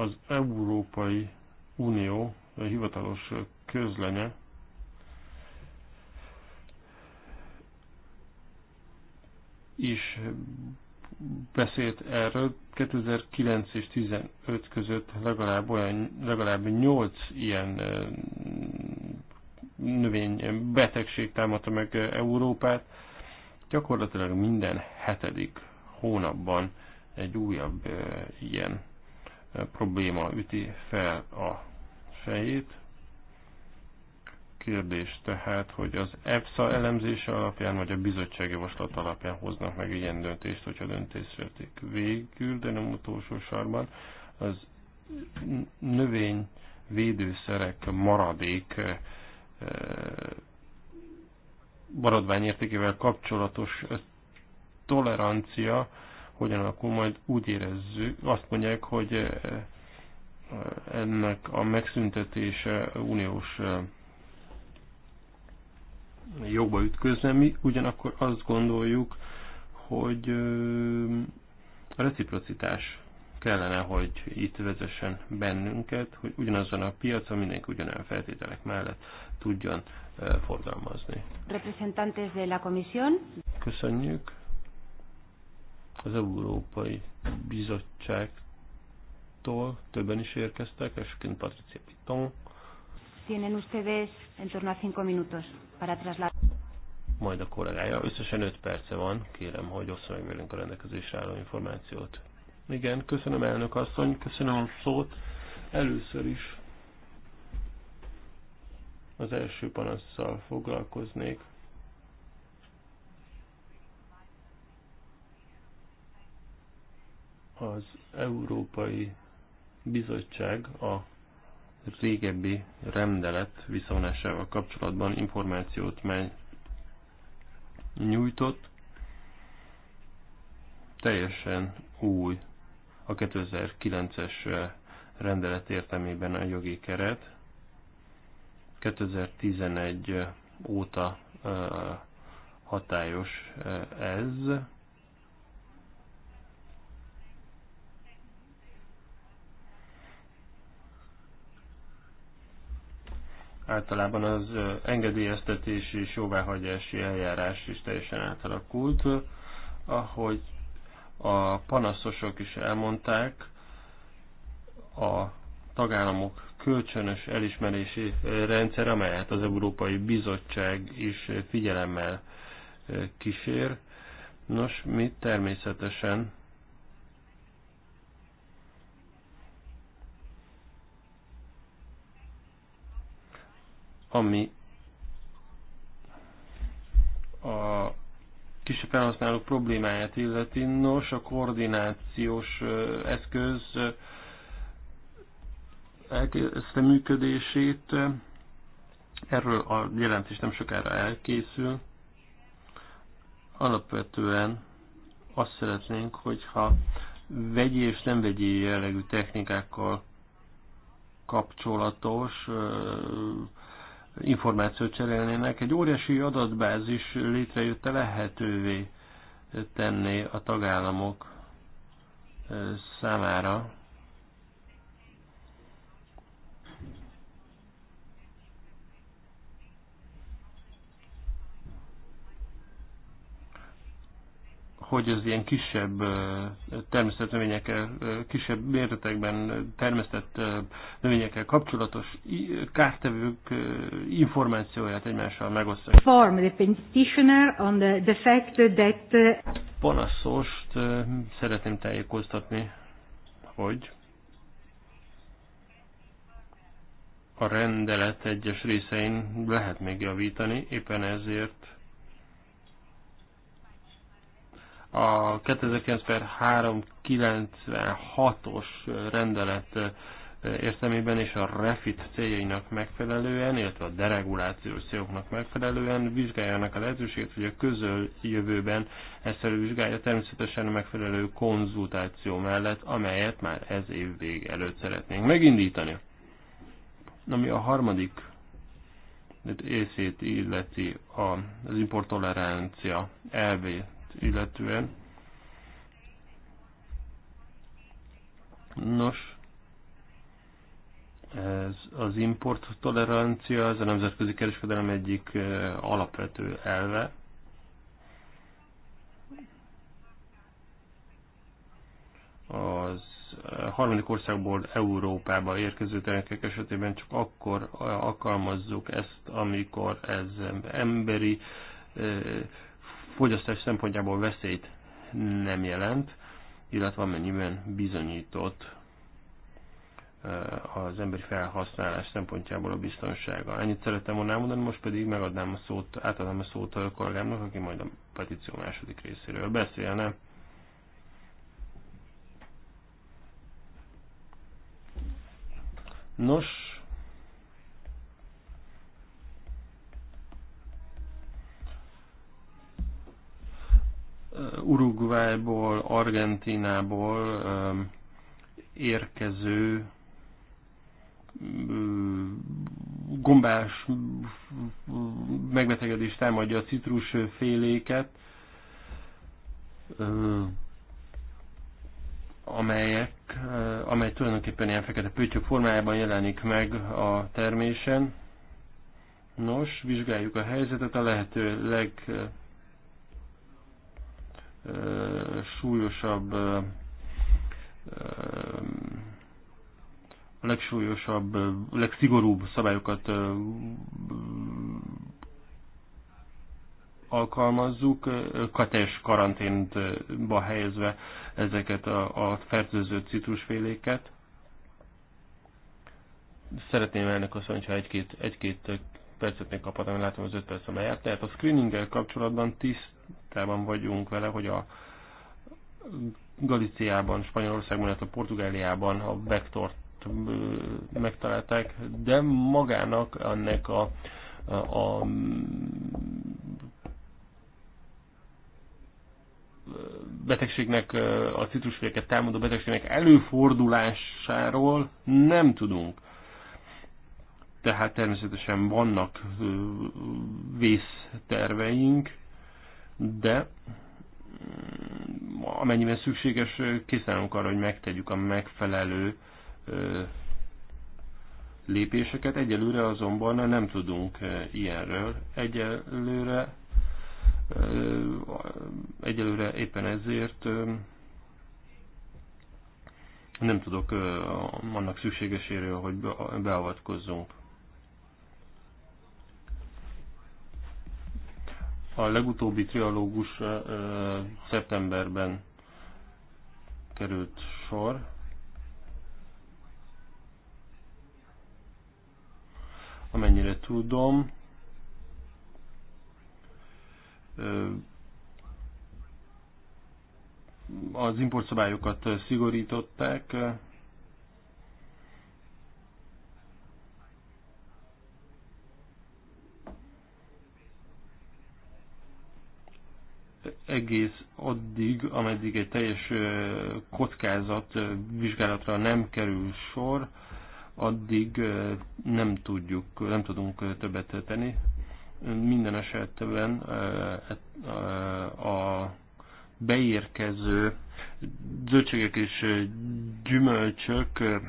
Az Európai Unió hivatalos közlenye is beszélt erről, 2009 és 2015 között legalább olyan, legalább 8 ilyen növény betegség támadta meg Európát. Gyakorlatilag minden hetedik hónapban egy újabb ilyen probléma üti fel a fejét. Kérdés tehát, hogy az EPSA elemzése alapján, vagy a bizottsági javaslat alapján hoznak meg ilyen döntést, hogyha döntést vették végül, de nem utolsó sorban, az növény védőszerek maradék eh, eh, maradványértékével kapcsolatos tolerancia hogyan alakul, majd úgy érezzük, azt mondják, hogy eh, ennek a megszüntetése uniós eh, jogba ütközne. Mi ugyanakkor azt gondoljuk, hogy a eh, reciprocitás kellene, hogy itt vezessen bennünket, hogy ugyanazon a piacon mindenki ugyanolyan feltételek mellett tudjon forgalmazni. Representantes de la Comisión. Köszönjük az Európai Bizottságtól többen is érkeztek, elsőként Patricia Piton. Tienen ustedes en torno a cinco minutos para trasladar. Majd a kollégája. Összesen 5 perce van, kérem, hogy osszon meg velünk a rendelkezésre álló információt. Igen, köszönöm elnök asszony, köszönöm a szót. Először is az első panasszal foglalkoznék. az Európai Bizottság a régebbi rendelet visszavonásával kapcsolatban információt már nyújtott. Teljesen új a 2009-es rendelet értelmében a jogi keret. 2011 óta hatályos ez általában az engedélyeztetési és jóváhagyási eljárás is teljesen átalakult, ahogy a panaszosok is elmondták, a tagállamok kölcsönös elismerési rendszer, amelyet az Európai Bizottság is figyelemmel kísér. Nos, mi természetesen ami a kisebb felhasználók problémáját illeti. Nos, a koordinációs eszköz elkezdte működését. Erről a jelentés nem sokára elkészül. Alapvetően azt szeretnénk, hogyha vegyi és nem vegyi jellegű technikákkal kapcsolatos információt cserélnének, egy óriási adatbázis létrejött lehetővé tenni a tagállamok számára, hogy az ilyen kisebb növényekkel kisebb méretekben termesztett növényekkel kapcsolatos kártevők információját egymással megosztják. Form the petitioner on the, the fact that... Uh, Panaszost szeretném tájékoztatni, hogy a rendelet egyes részein lehet még javítani, éppen ezért a 2009 396-os rendelet értelmében és a REFIT céljainak megfelelően, illetve a deregulációs céloknak megfelelően vizsgáljanak a lehetőséget, hogy a jövőben ezt vizsgálja természetesen a megfelelő konzultáció mellett, amelyet már ez év vég előtt szeretnénk megindítani. Ami a harmadik részét illeti az importtolerancia elvét, illetően. Nos, ez az import tolerancia, ez a nemzetközi kereskedelem egyik alapvető elve. Az harmadik országból Európába érkező termékek esetében csak akkor alkalmazzuk ezt, amikor ez emberi fogyasztás szempontjából veszélyt nem jelent, illetve amennyiben bizonyított eh, az emberi felhasználás szempontjából a biztonsága. Ennyit szerettem volna elmondani, most pedig megadnám a szót, átadnám a szót a kollégámnak, aki majd a petíció második részéről beszélne. Nos, Argentinából érkező gombás megbetegedés támadja a citrusféléket, amelyek, amely tulajdonképpen ilyen fekete pöttyök formájában jelenik meg a termésen. Nos, vizsgáljuk a helyzetet a lehető leg súlyosabb a legsúlyosabb, legszigorúbb szabályokat alkalmazzuk, kates karanténba helyezve ezeket a, a fertőző citrusféléket. Szeretném elnök azt mondani, ha egy-két egy, percet még kaphatom, látom az öt perc lejárt. Tehát a screeninggel kapcsolatban tiszt tisztában vagyunk vele, hogy a Galiciában, Spanyolországban, illetve Portugáliában a vektort megtalálták, de magának ennek a, a, a betegségnek, a citrusféleket támadó betegségnek előfordulásáról nem tudunk. Tehát természetesen vannak vészterveink, de mm, amennyiben szükséges, készállunk arra, hogy megtegyük a megfelelő lépéseket. Egyelőre azonban nem tudunk ilyenről. Egyelőre, egyelőre éppen ezért nem tudok annak szükségeséről, hogy beavatkozzunk. A legutóbbi trialógus szeptemberben került sor. Amennyire tudom, az importszabályokat szigorították, egész addig, ameddig egy teljes kockázat vizsgálatra nem kerül sor, addig nem tudjuk, nem tudunk többet tenni. Minden esetben a beérkező zöldségek és gyümölcsök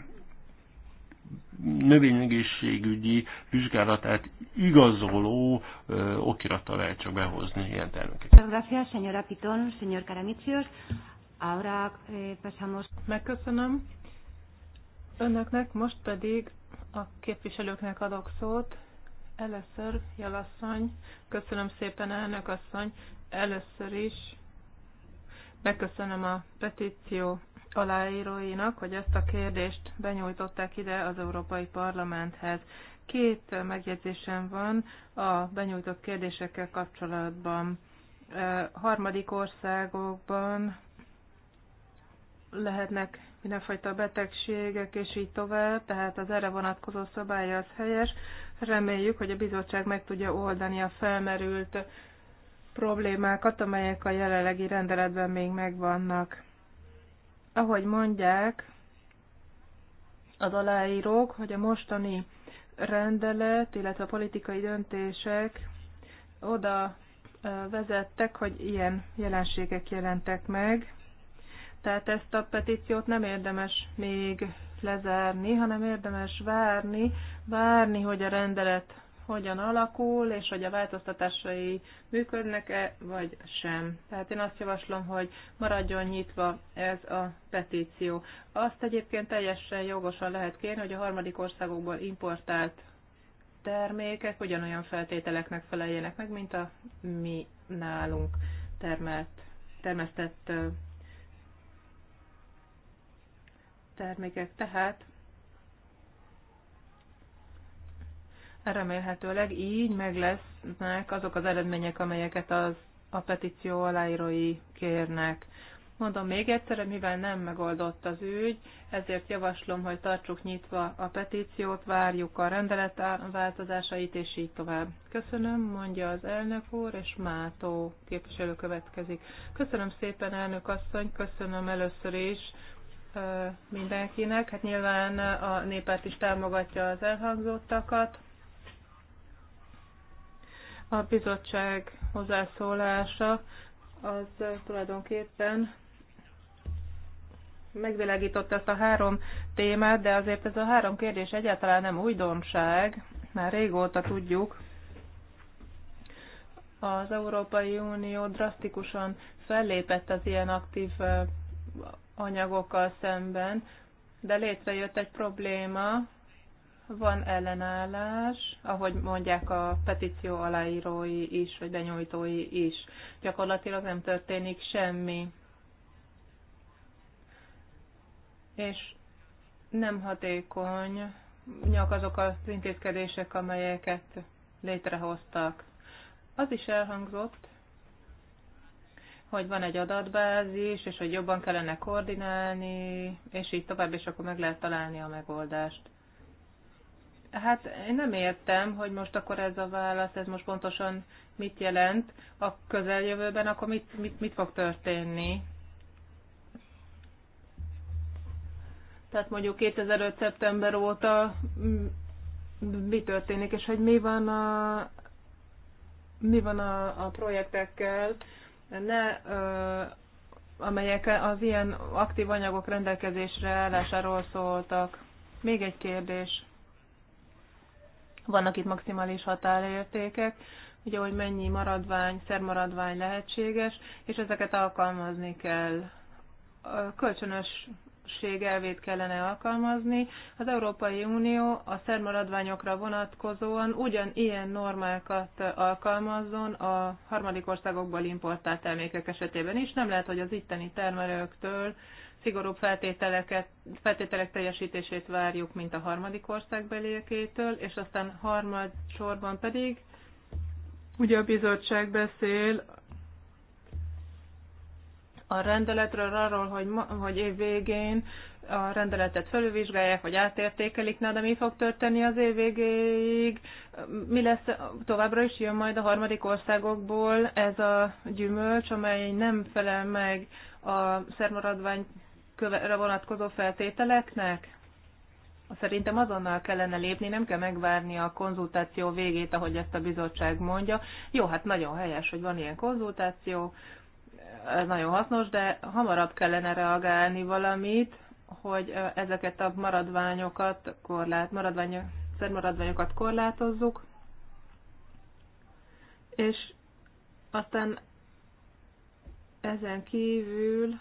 növényegészségügyi vizsgálatát igazoló okirattal lehet csak behozni ilyen termékeket. Pitón, eh, Megköszönöm önöknek, most pedig a képviselőknek adok szót. Először, Jalasszony, köszönöm szépen, elnök asszony, először is megköszönöm a petíció aláíróinak, hogy ezt a kérdést benyújtották ide az Európai Parlamenthez. Két megjegyzésem van a benyújtott kérdésekkel kapcsolatban. Harmadik országokban lehetnek mindenfajta betegségek, és így tovább, tehát az erre vonatkozó szabály az helyes. Reméljük, hogy a bizottság meg tudja oldani a felmerült problémákat, amelyek a jelenlegi rendeletben még megvannak. Ahogy mondják az aláírók, hogy a mostani rendelet, illetve a politikai döntések oda vezettek, hogy ilyen jelenségek jelentek meg. Tehát ezt a petíciót nem érdemes még lezárni, hanem érdemes várni, várni, hogy a rendelet hogyan alakul, és hogy a változtatásai működnek-e, vagy sem. Tehát én azt javaslom, hogy maradjon nyitva ez a petíció. Azt egyébként teljesen jogosan lehet kérni, hogy a harmadik országokból importált termékek ugyanolyan feltételeknek feleljenek meg, mint a mi nálunk termelt, termesztett termékek. Tehát Remélhetőleg így meg lesznek azok az eredmények, amelyeket az, a petíció aláírói kérnek. Mondom még egyszer, mivel nem megoldott az ügy, ezért javaslom, hogy tartsuk nyitva a petíciót, várjuk a rendelet változásait, és így tovább. Köszönöm, mondja az elnök úr, és Mátó képviselő következik. Köszönöm szépen, elnök asszony, köszönöm először is mindenkinek. Hát nyilván a népárt is támogatja az elhangzottakat. A bizottság hozzászólása az tulajdonképpen megvilágította ezt a három témát, de azért ez a három kérdés egyáltalán nem újdonság, már régóta tudjuk. Az Európai Unió drasztikusan fellépett az ilyen aktív eh, anyagokkal szemben, de létrejött egy probléma, van ellenállás, ahogy mondják a petíció aláírói is, vagy benyújtói is. Gyakorlatilag nem történik semmi. És nem hatékony nyak azok az intézkedések, amelyeket létrehoztak. Az is elhangzott, hogy van egy adatbázis, és hogy jobban kellene koordinálni, és így tovább, és akkor meg lehet találni a megoldást. Hát én nem értem, hogy most akkor ez a válasz, ez most pontosan mit jelent a közeljövőben, akkor mit, mit, mit fog történni? Tehát mondjuk 2005. szeptember óta mi történik, és hogy mi van a, mi van a, a projektekkel, ne, ö, amelyek az ilyen aktív anyagok rendelkezésre állásáról szóltak. Még egy kérdés. Vannak itt maximális határértékek, ugye, hogy mennyi maradvány, szermaradvány lehetséges, és ezeket alkalmazni kell. A kölcsönösség elvét kellene alkalmazni. Az Európai Unió a szermaradványokra vonatkozóan ugyanilyen normákat alkalmazzon a harmadik országokból importált termékek esetében is. Nem lehet, hogy az itteni termelőktől szigorúbb feltételeket, feltételek teljesítését várjuk, mint a harmadik ország beliekétől, és aztán harmad sorban pedig ugye a bizottság beszél a rendeletről arról, hogy, ma, hogy év végén a rendeletet felülvizsgálják, vagy átértékelik, na de mi fog történni az év végéig? Mi lesz, továbbra is jön majd a harmadik országokból ez a gyümölcs, amely nem felel meg a szermaradvány kövre vonatkozó feltételeknek? Szerintem azonnal kellene lépni, nem kell megvárni a konzultáció végét, ahogy ezt a bizottság mondja. Jó, hát nagyon helyes, hogy van ilyen konzultáció, ez nagyon hasznos, de hamarabb kellene reagálni valamit, hogy ezeket a maradványokat, korlát, maradvány, maradványokat korlátozzuk, és aztán ezen kívül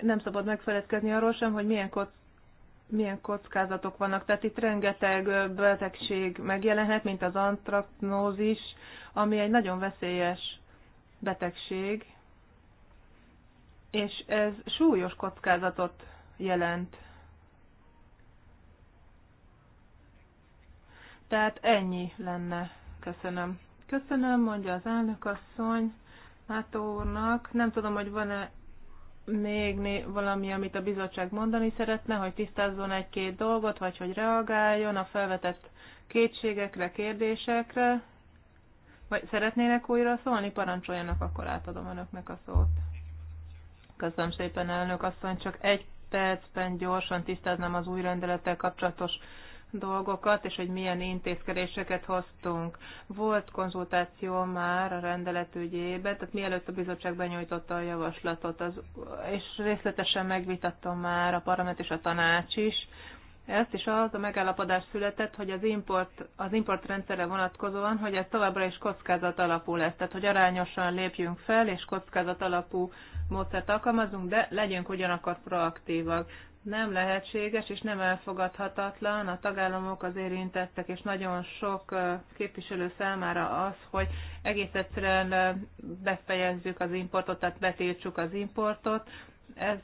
nem szabad megfeledkezni arról sem, hogy milyen kock, milyen kockázatok vannak. Tehát itt rengeteg betegség megjelenhet, mint az antraknózis, ami egy nagyon veszélyes betegség, és ez súlyos kockázatot jelent. Tehát ennyi lenne. Köszönöm. Köszönöm, mondja az elnök asszony Mátó úrnak. Nem tudom, hogy van-e még valami, amit a bizottság mondani szeretne, hogy tisztázzon egy-két dolgot, vagy hogy reagáljon a felvetett kétségekre, kérdésekre? Vagy szeretnének újra szólni? Parancsoljanak, akkor átadom önöknek a szót. Köszönöm szépen, elnök asszony, csak egy percben gyorsan tisztáznám az új rendelettel kapcsolatos dolgokat, és hogy milyen intézkedéseket hoztunk. Volt konzultáció már a rendelet tehát mielőtt a bizottság benyújtotta a javaslatot, az, és részletesen megvitatta már a parlament és a tanács is, ezt is az a megállapodás született, hogy az import, az importrendszerre vonatkozóan, hogy ez továbbra is kockázat alapú lesz, tehát hogy arányosan lépjünk fel, és kockázat alapú módszert alkalmazunk, de legyünk ugyanakkor proaktívak nem lehetséges és nem elfogadhatatlan a tagállamok, az érintettek és nagyon sok képviselő számára az, hogy egész egyszerűen befejezzük az importot, tehát betiltsuk az importot. Ez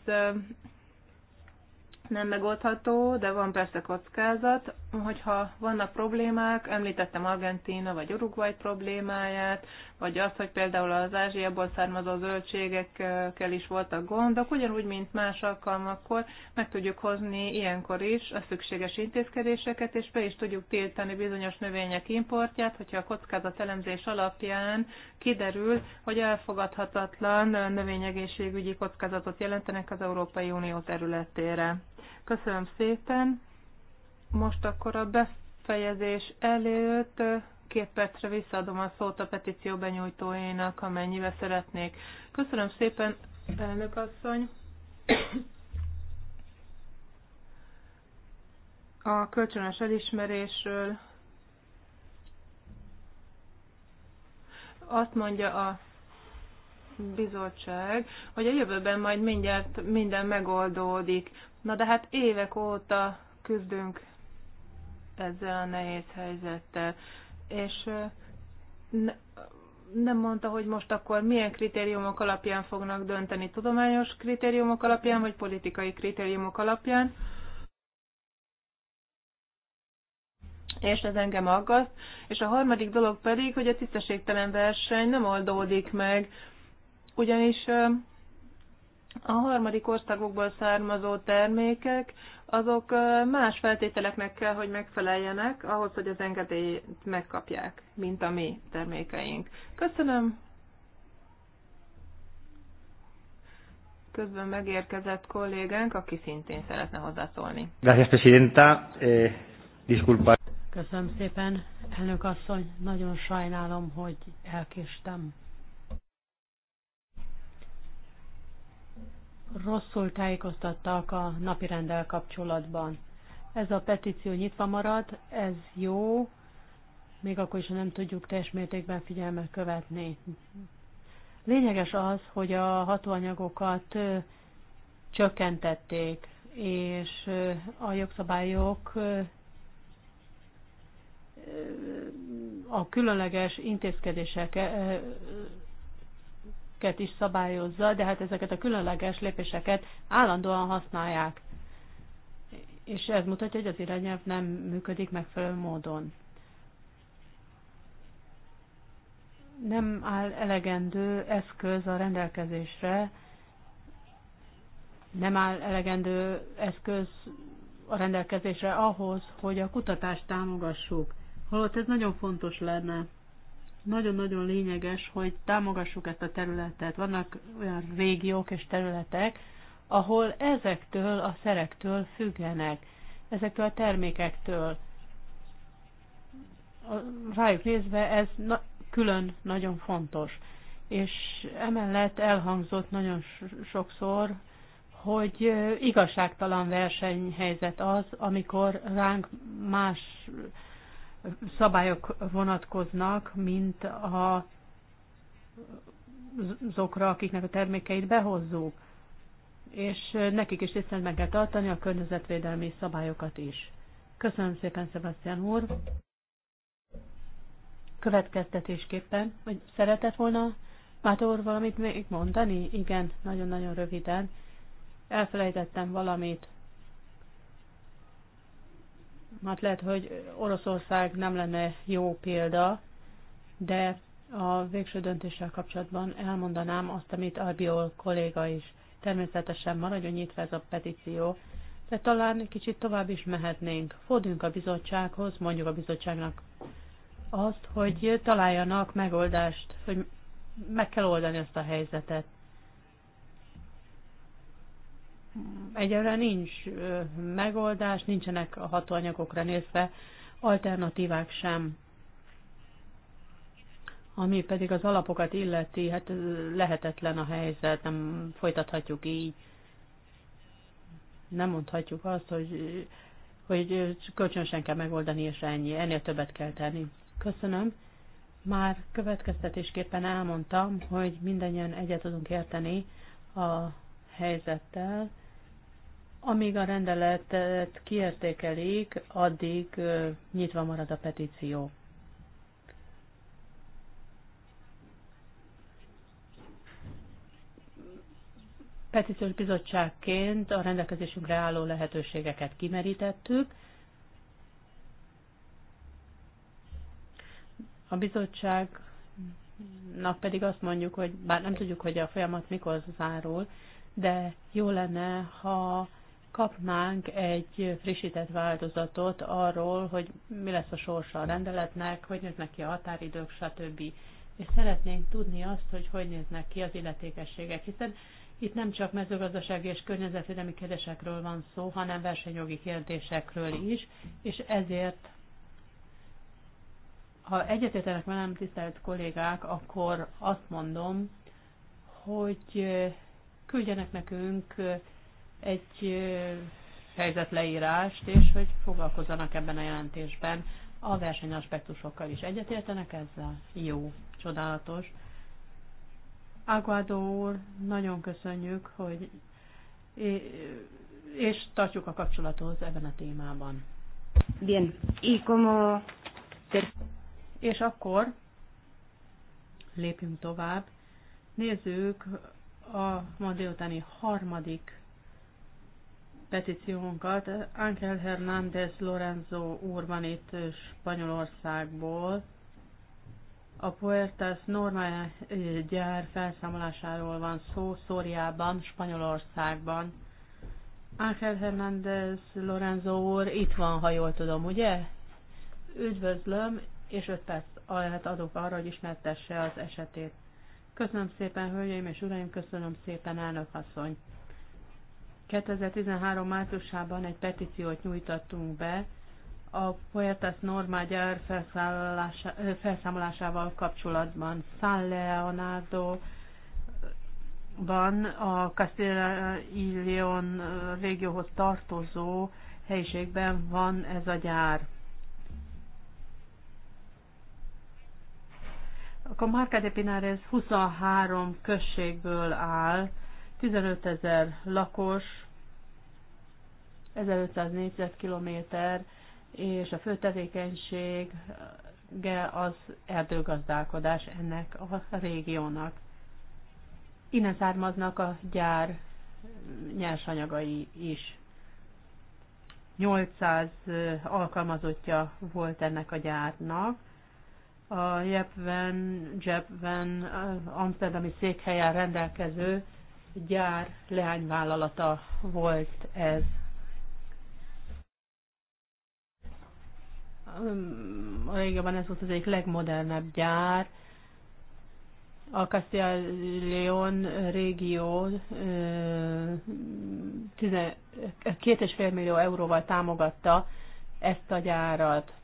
nem megoldható, de van persze kockázat, hogyha vannak problémák, említettem Argentína vagy Uruguay problémáját, vagy az, hogy például az Ázsiából származó zöldségekkel is voltak gondok, ugyanúgy, mint más alkalmakkor meg tudjuk hozni ilyenkor is a szükséges intézkedéseket, és be is tudjuk tiltani bizonyos növények importját, hogyha a kockázat elemzés alapján kiderül, hogy elfogadhatatlan növényegészségügyi kockázatot jelentenek az Európai Unió területére. Köszönöm szépen. Most akkor a befejezés előtt két percre visszaadom a szót a petíció benyújtóinak, amennyibe szeretnék. Köszönöm szépen, elnök asszony. A kölcsönös elismerésről azt mondja a bizottság, hogy a jövőben majd mindjárt minden megoldódik. Na de hát évek óta küzdünk ezzel a nehéz helyzettel. És ne, nem mondta, hogy most akkor milyen kritériumok alapján fognak dönteni, tudományos kritériumok alapján, vagy politikai kritériumok alapján. És ez engem aggaszt. És a harmadik dolog pedig, hogy a tisztességtelen verseny nem oldódik meg, ugyanis a harmadik országokból származó termékek, azok más feltételeknek kell, hogy megfeleljenek ahhoz, hogy az engedélyt megkapják, mint a mi termékeink. Köszönöm! Közben megérkezett kollégánk, aki szintén szeretne hozzászólni. Gracias, Presidenta. Eh, disculpa. Köszönöm szépen, elnök asszony. Nagyon sajnálom, hogy elkéstem. rosszul tájékoztattak a rendel kapcsolatban. Ez a petíció nyitva marad, ez jó, még akkor is, ha nem tudjuk teljes mértékben figyelmet követni. Lényeges az, hogy a hatóanyagokat csökkentették, és a jogszabályok a különleges intézkedések lépéseket is szabályozza, de hát ezeket a különleges lépéseket állandóan használják. És ez mutatja, hogy az irányelv nem működik megfelelő módon. Nem áll elegendő eszköz a rendelkezésre, nem áll elegendő eszköz a rendelkezésre ahhoz, hogy a kutatást támogassuk. Holott ez nagyon fontos lenne nagyon-nagyon lényeges, hogy támogassuk ezt a területet. Vannak olyan régiók és területek, ahol ezektől a szerektől függenek, ezektől a termékektől. Rájuk nézve ez na, külön nagyon fontos. És emellett elhangzott nagyon sokszor, hogy igazságtalan versenyhelyzet az, amikor ránk más szabályok vonatkoznak, mint a, azokra, akiknek a termékeit behozzuk, és nekik is tiszteletben kell tartani a környezetvédelmi szabályokat is. Köszönöm szépen, Sebastian úr! Következtetésképpen, hogy szeretett volna Mátor úr valamit még mondani? Igen, nagyon-nagyon röviden. Elfelejtettem valamit hát lehet, hogy Oroszország nem lenne jó példa, de a végső döntéssel kapcsolatban elmondanám azt, amit Albiol kolléga is. Természetesen maradjon nyitva ez a petíció, de talán kicsit tovább is mehetnénk. Forduljunk a bizottsághoz, mondjuk a bizottságnak azt, hogy találjanak megoldást, hogy meg kell oldani ezt a helyzetet egyelőre nincs megoldás, nincsenek a hatóanyagokra nézve alternatívák sem. Ami pedig az alapokat illeti, hát lehetetlen a helyzet, nem folytathatjuk így. Nem mondhatjuk azt, hogy, hogy kölcsönösen kell megoldani, és ennyi, ennél többet kell tenni. Köszönöm. Már következtetésképpen elmondtam, hogy mindannyian egyet tudunk érteni a helyzettel, amíg a rendeletet kiértékelik, addig nyitva marad a petíció. Petíciós bizottságként a rendelkezésünkre álló lehetőségeket kimerítettük. A bizottságnak pedig azt mondjuk, hogy bár nem tudjuk, hogy a folyamat mikor zárul, de jó lenne, ha kapnánk egy frissített változatot arról, hogy mi lesz a sorsa a rendeletnek, hogy néznek ki a határidők, stb. És szeretnénk tudni azt, hogy hogy néznek ki az illetékességek, hiszen itt nem csak mezőgazdasági és környezetvédelmi kérdésekről van szó, hanem versenyjogi kérdésekről is, és ezért, ha egyetértenek velem, tisztelt kollégák, akkor azt mondom, hogy küldjenek nekünk egy helyzetleírást, és hogy foglalkozzanak ebben a jelentésben a versenyaspektusokkal is. Egyetértenek ezzel? Jó, csodálatos. Aguado úr, nagyon köszönjük, hogy és tartjuk a kapcsolatot ebben a témában. Bien, y como... És akkor lépjünk tovább. Nézzük a ma délutáni harmadik petíciónkat. Ángel Hernández Lorenzo úr van itt Spanyolországból. A Puertas Norma gyár felszámolásáról van szó Szóriában, Spanyolországban. Ángel Hernández Lorenzo úr itt van, ha jól tudom, ugye? Üdvözlöm, és öt perc alatt adok arra, hogy ismertesse az esetét. Köszönöm szépen, hölgyeim és uraim, köszönöm szépen, elnök asszony. 2013 márciusában egy petíciót nyújtattunk be a Poetas Norma gyár felszámolásával kapcsolatban. San Leonardo van a Castilla y León régióhoz tartozó helyiségben van ez a gyár. A Comarca de Pinares 23 községből áll, 15 ezer lakos, 1500 négyzetkilométer, és a fő tevékenység az erdőgazdálkodás ennek a régiónak. Innen származnak a gyár nyersanyagai is. 800 alkalmazottja volt ennek a gyárnak. A Jepven, Jepven, Amsterdami székhelyen rendelkező gyár leányvállalata volt ez. A régebben ez volt az egyik legmodernebb gyár. A Castilla León régió 2,5 millió euróval támogatta ezt a gyárat.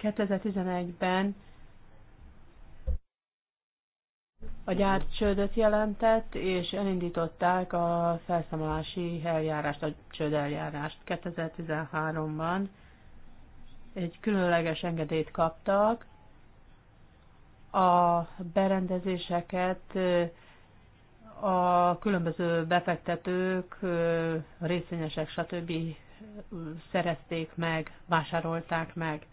...2011-ben a csődöt jelentett, és elindították a felszámolási eljárást, a eljárást 2013-ban. Egy különleges engedélyt kaptak, a berendezéseket a különböző befektetők, részvényesek, stb. szerezték meg, vásárolták meg.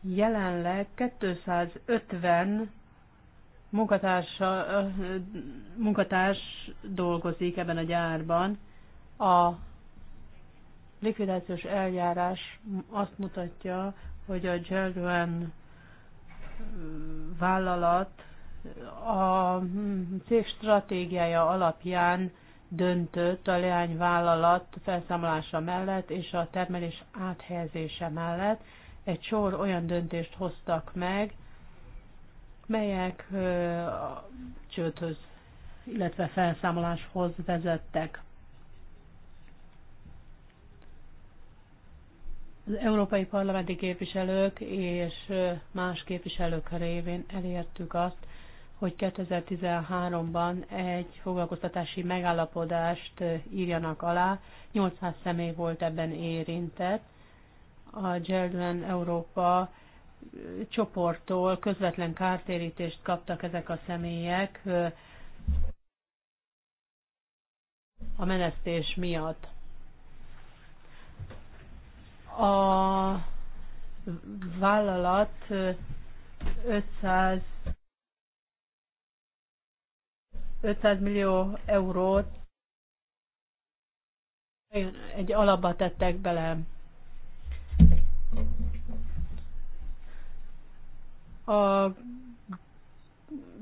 jelenleg 250 munkatárs dolgozik ebben a gyárban. A likvidációs eljárás azt mutatja, hogy a Gerwen vállalat a hm, cég stratégiája alapján döntött a leányvállalat felszámolása mellett és a termelés áthelyezése mellett, egy sor olyan döntést hoztak meg, melyek csődhöz, illetve felszámoláshoz vezettek. Az európai parlamenti képviselők és más képviselők révén elértük azt, hogy 2013-ban egy foglalkoztatási megállapodást írjanak alá. 800 személy volt ebben érintett, a Gelden Európa csoporttól közvetlen kártérítést kaptak ezek a személyek a menesztés miatt. A vállalat 500 500 millió eurót egy alapba tettek bele. A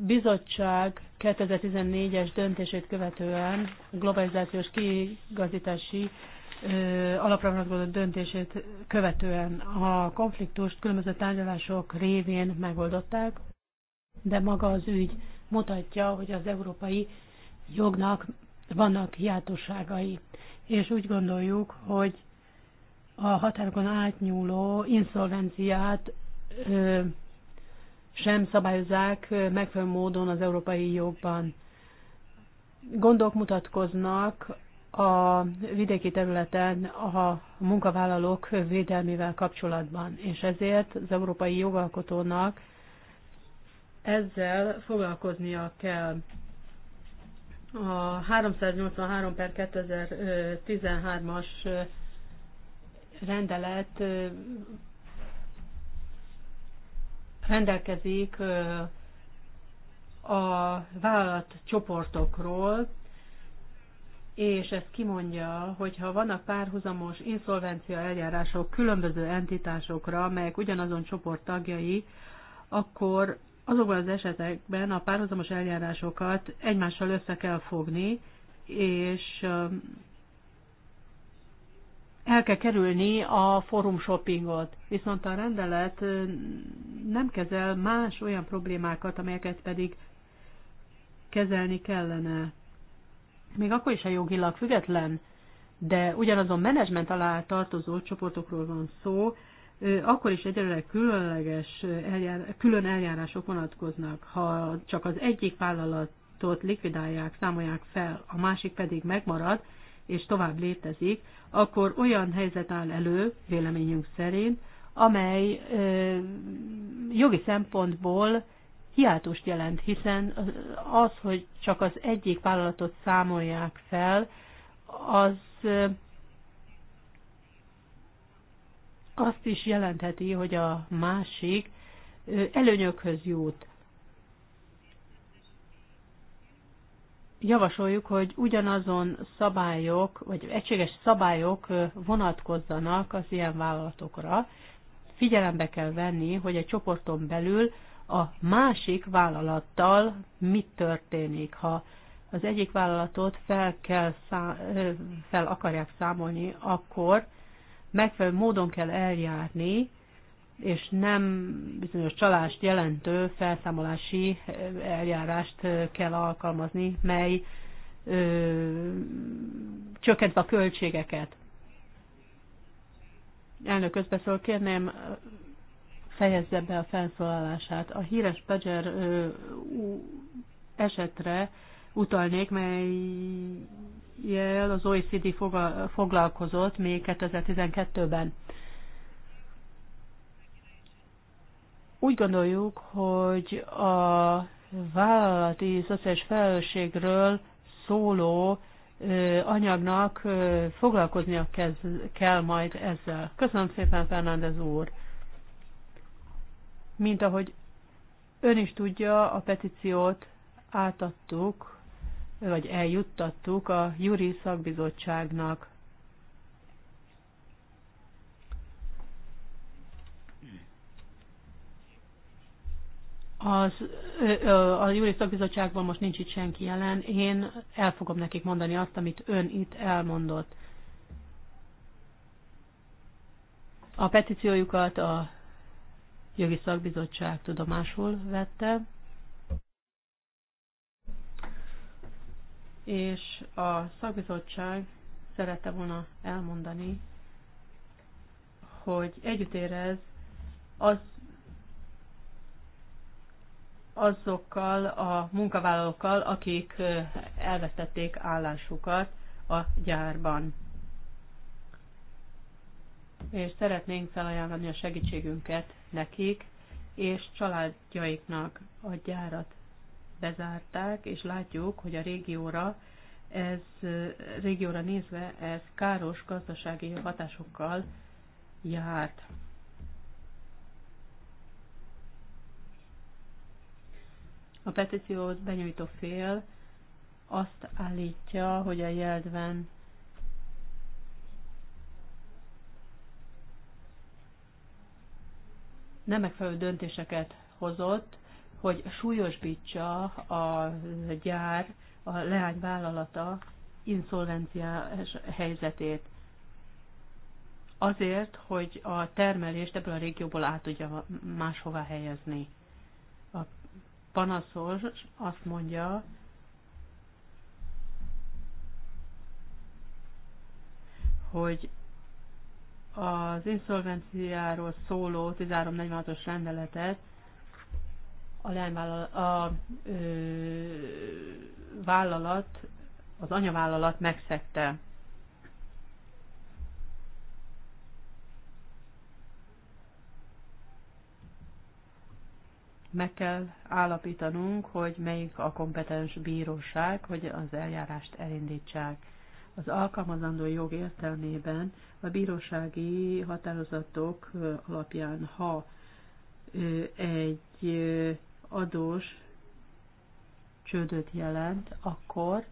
bizottság 2014-es döntését követően globalizációs kiigazítási alapra vonatkozó döntését követően a konfliktust különböző tárgyalások révén megoldották, de maga az ügy mutatja, hogy az európai jognak vannak hiátosságai, és úgy gondoljuk, hogy a határokon átnyúló inszolvenciát sem szabályozzák megfelelő módon az európai jogban. Gondok mutatkoznak a vidéki területen a munkavállalók védelmével kapcsolatban, és ezért az európai jogalkotónak ezzel foglalkoznia kell. A 383 per 2013-as rendelet rendelkezik a vállalat csoportokról, és ezt kimondja, hogy ha vannak párhuzamos inszolvencia eljárások különböző entitásokra, amelyek ugyanazon csoport tagjai, akkor azokban az esetekben a párhuzamos eljárásokat egymással össze kell fogni, és el kell kerülni a forum shoppingot. Viszont a rendelet nem kezel más olyan problémákat, amelyeket pedig kezelni kellene. Még akkor is a jogilag független, de ugyanazon menedzsment alá tartozó csoportokról van szó, akkor is egyelőre különleges eljár, külön eljárások vonatkoznak. Ha csak az egyik vállalatot likvidálják, számolják fel, a másik pedig megmarad, és tovább létezik, akkor olyan helyzet áll elő, véleményünk szerint, amely ö, jogi szempontból hiátust jelent, hiszen az, hogy csak az egyik vállalatot számolják fel, az ö, azt is jelentheti, hogy a másik előnyökhöz jut. javasoljuk, hogy ugyanazon szabályok, vagy egységes szabályok vonatkozzanak az ilyen vállalatokra. Figyelembe kell venni, hogy egy csoporton belül a másik vállalattal mit történik, ha az egyik vállalatot fel, kell szá- fel akarják számolni, akkor megfelelő módon kell eljárni, és nem bizonyos csalást jelentő felszámolási eljárást kell alkalmazni, mely ö, csökkentve a költségeket. Elnök közbeszól, kérném, fejezze be a felszólalását. A híres Pedzser esetre utalnék, mely az OECD foglalkozott még 2012-ben. Úgy gondoljuk, hogy a vállalati szociális felelősségről szóló anyagnak foglalkoznia kell majd ezzel. Köszönöm szépen, Fernández úr! Mint ahogy ön is tudja, a petíciót átadtuk, vagy eljuttattuk a Juri Szakbizottságnak. Az, a Júli Szakbizottságban most nincs itt senki jelen, én el fogom nekik mondani azt, amit ön itt elmondott. A petíciójukat a jogi szakbizottság tudomásul vette, és a szakbizottság szerette volna elmondani, hogy együtt érez az azokkal a munkavállalókkal, akik elvesztették állásukat a gyárban. És szeretnénk felajánlani a segítségünket nekik, és családjaiknak a gyárat bezárták, és látjuk, hogy a régióra ez régióra nézve ez káros gazdasági hatásokkal járt. A petíciót benyújtó fél azt állítja, hogy a jelzven nem megfelelő döntéseket hozott, hogy súlyosbítsa a gyár, a leányvállalata inszolvenciás helyzetét. Azért, hogy a termelést ebből a régióból át tudja máshová helyezni panaszos azt mondja, hogy az inszolvenciáról szóló 1346-os rendeletet a, a ö, vállalat, az anyavállalat megszette. meg kell állapítanunk, hogy melyik a kompetens bíróság, hogy az eljárást elindítsák. Az alkalmazandó jog értelmében a bírósági határozatok alapján, ha egy adós csődöt jelent, akkor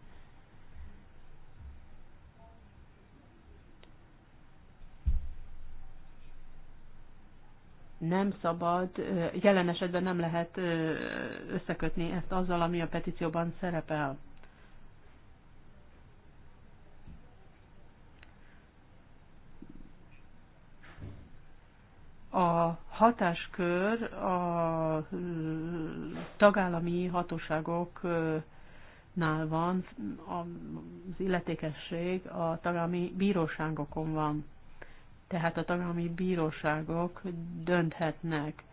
nem szabad, jelen esetben nem lehet összekötni ezt azzal, ami a petícióban szerepel. a hatáskör a tagállami hatóságoknál van, az illetékesség a tagállami bíróságokon van. Tehát a tagállami bíróságok dönthetnek.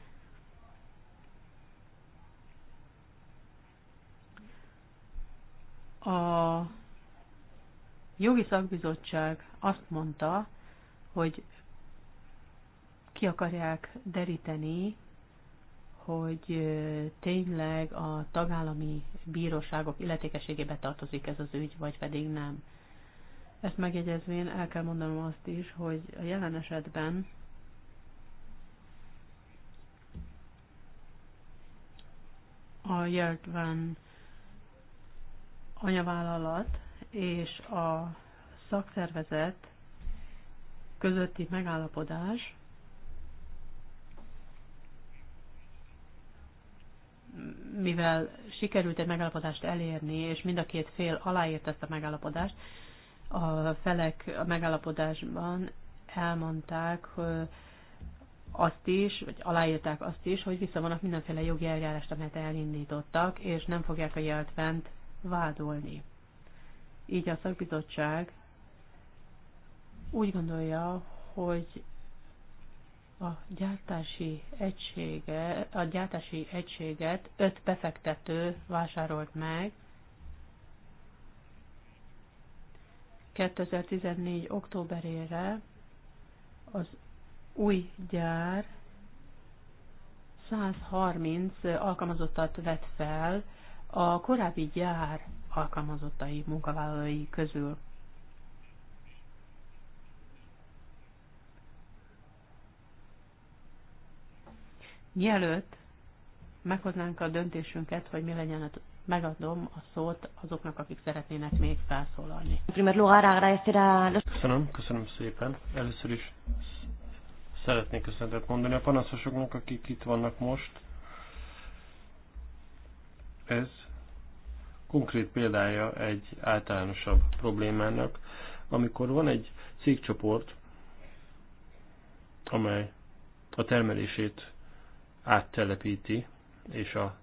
A jogi szakbizottság azt mondta, hogy ki akarják deríteni, hogy tényleg a tagállami bíróságok illetékességébe tartozik ez az ügy, vagy pedig nem. Ezt megjegyezvén el kell mondanom azt is, hogy a jelen esetben a van anyavállalat és a szakszervezet közötti megállapodás mivel sikerült egy megállapodást elérni, és mind a két fél aláírta ezt a megállapodást, a felek a megállapodásban elmondták hogy azt is, vagy aláírták azt is, hogy visszavonnak mindenféle jogi eljárást, amelyet elindítottak, és nem fogják a jeltvent vádolni. Így a szakbizottság úgy gondolja, hogy a gyártási egysége, a gyártási egységet öt befektető vásárolt meg, 2014. októberére az új gyár 130 alkalmazottat vett fel a korábbi gyár alkalmazottai munkavállalói közül. Mielőtt meghoznánk a döntésünket, hogy mi legyen a megadom a szót azoknak, akik szeretnének még felszólalni. Köszönöm, köszönöm szépen. Először is szeretnék köszönetet mondani a panaszosoknak, akik itt vannak most. Ez konkrét példája egy általánosabb problémának, amikor van egy cégcsoport, amely a termelését áttelepíti, és a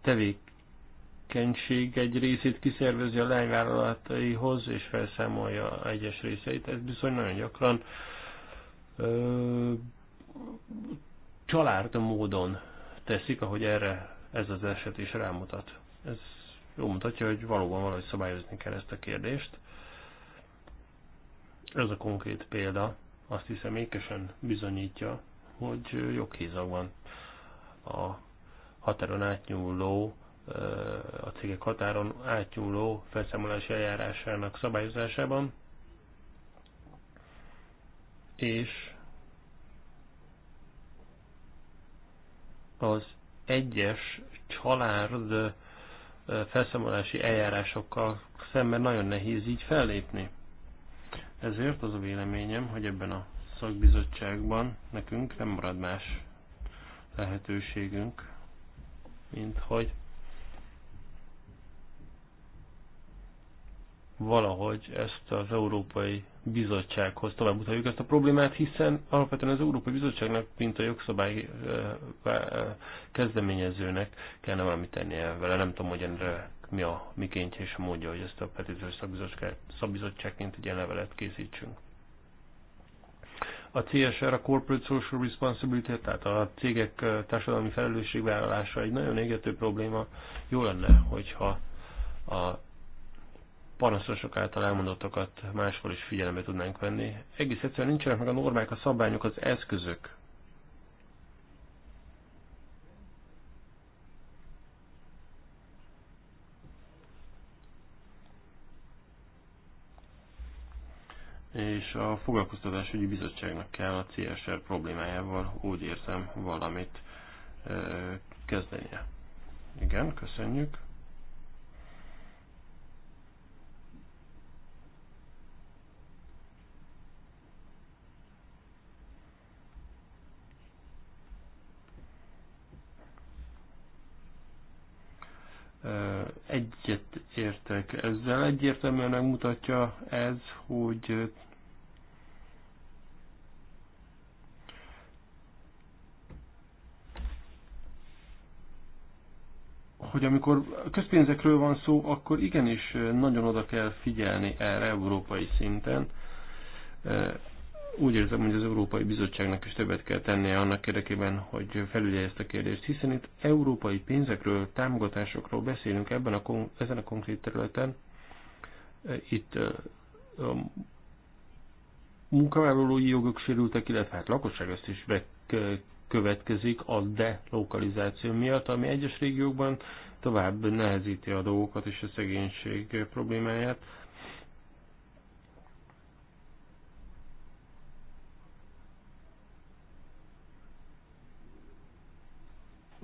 tevékenység egy részét kiszervezi a lányvállalataihoz, és felszámolja egyes részeit. Ez bizony nagyon gyakran család módon teszik, ahogy erre ez az eset is rámutat. Ez jó mutatja, hogy valóban valahogy szabályozni kell ezt a kérdést. Ez a konkrét példa azt hiszem ékesen bizonyítja, hogy joghézag van a határon átnyúló, a cégek határon átnyúló felszámolási eljárásának szabályozásában, és az egyes család felszámolási eljárásokkal szemben nagyon nehéz így fellépni. Ezért az a véleményem, hogy ebben a szakbizottságban nekünk nem marad más lehetőségünk, mint hogy valahogy ezt az Európai Bizottsághoz tovább utaljuk ezt a problémát, hiszen alapvetően az Európai Bizottságnak, mint a jogszabály eh, eh, kezdeményezőnek kellene valamit tennie vele. Nem tudom, hogy ennek mi a mikéntje és a módja, hogy ezt a petíciós szabizottságként egy ilyen levelet készítsünk a CSR, a Corporate Social Responsibility, tehát a cégek társadalmi felelősségvállalása egy nagyon égető probléma. Jó lenne, hogyha a panaszosok által elmondottakat máshol is figyelembe tudnánk venni. Egész egyszerűen nincsenek meg a normák, a szabályok, az eszközök és a foglalkoztatásügyi bizottságnak kell a CSR problémájával úgy érzem valamit kezdenie. Igen, köszönjük. egyet értek ezzel. Egyértelműen megmutatja ez, hogy hogy amikor közpénzekről van szó, akkor igenis nagyon oda kell figyelni erre európai szinten. Úgy érzem, hogy az Európai Bizottságnak is többet kell tennie annak érdekében, hogy felügyelje ezt a kérdést, hiszen itt európai pénzekről, támogatásokról beszélünk ebben a, ezen a konkrét területen. Itt a munkavállalói jogok sérültek, illetve hát lakosság ezt is be következik a delokalizáció miatt, ami egyes régiókban tovább nehezíti a dolgokat és a szegénység problémáját.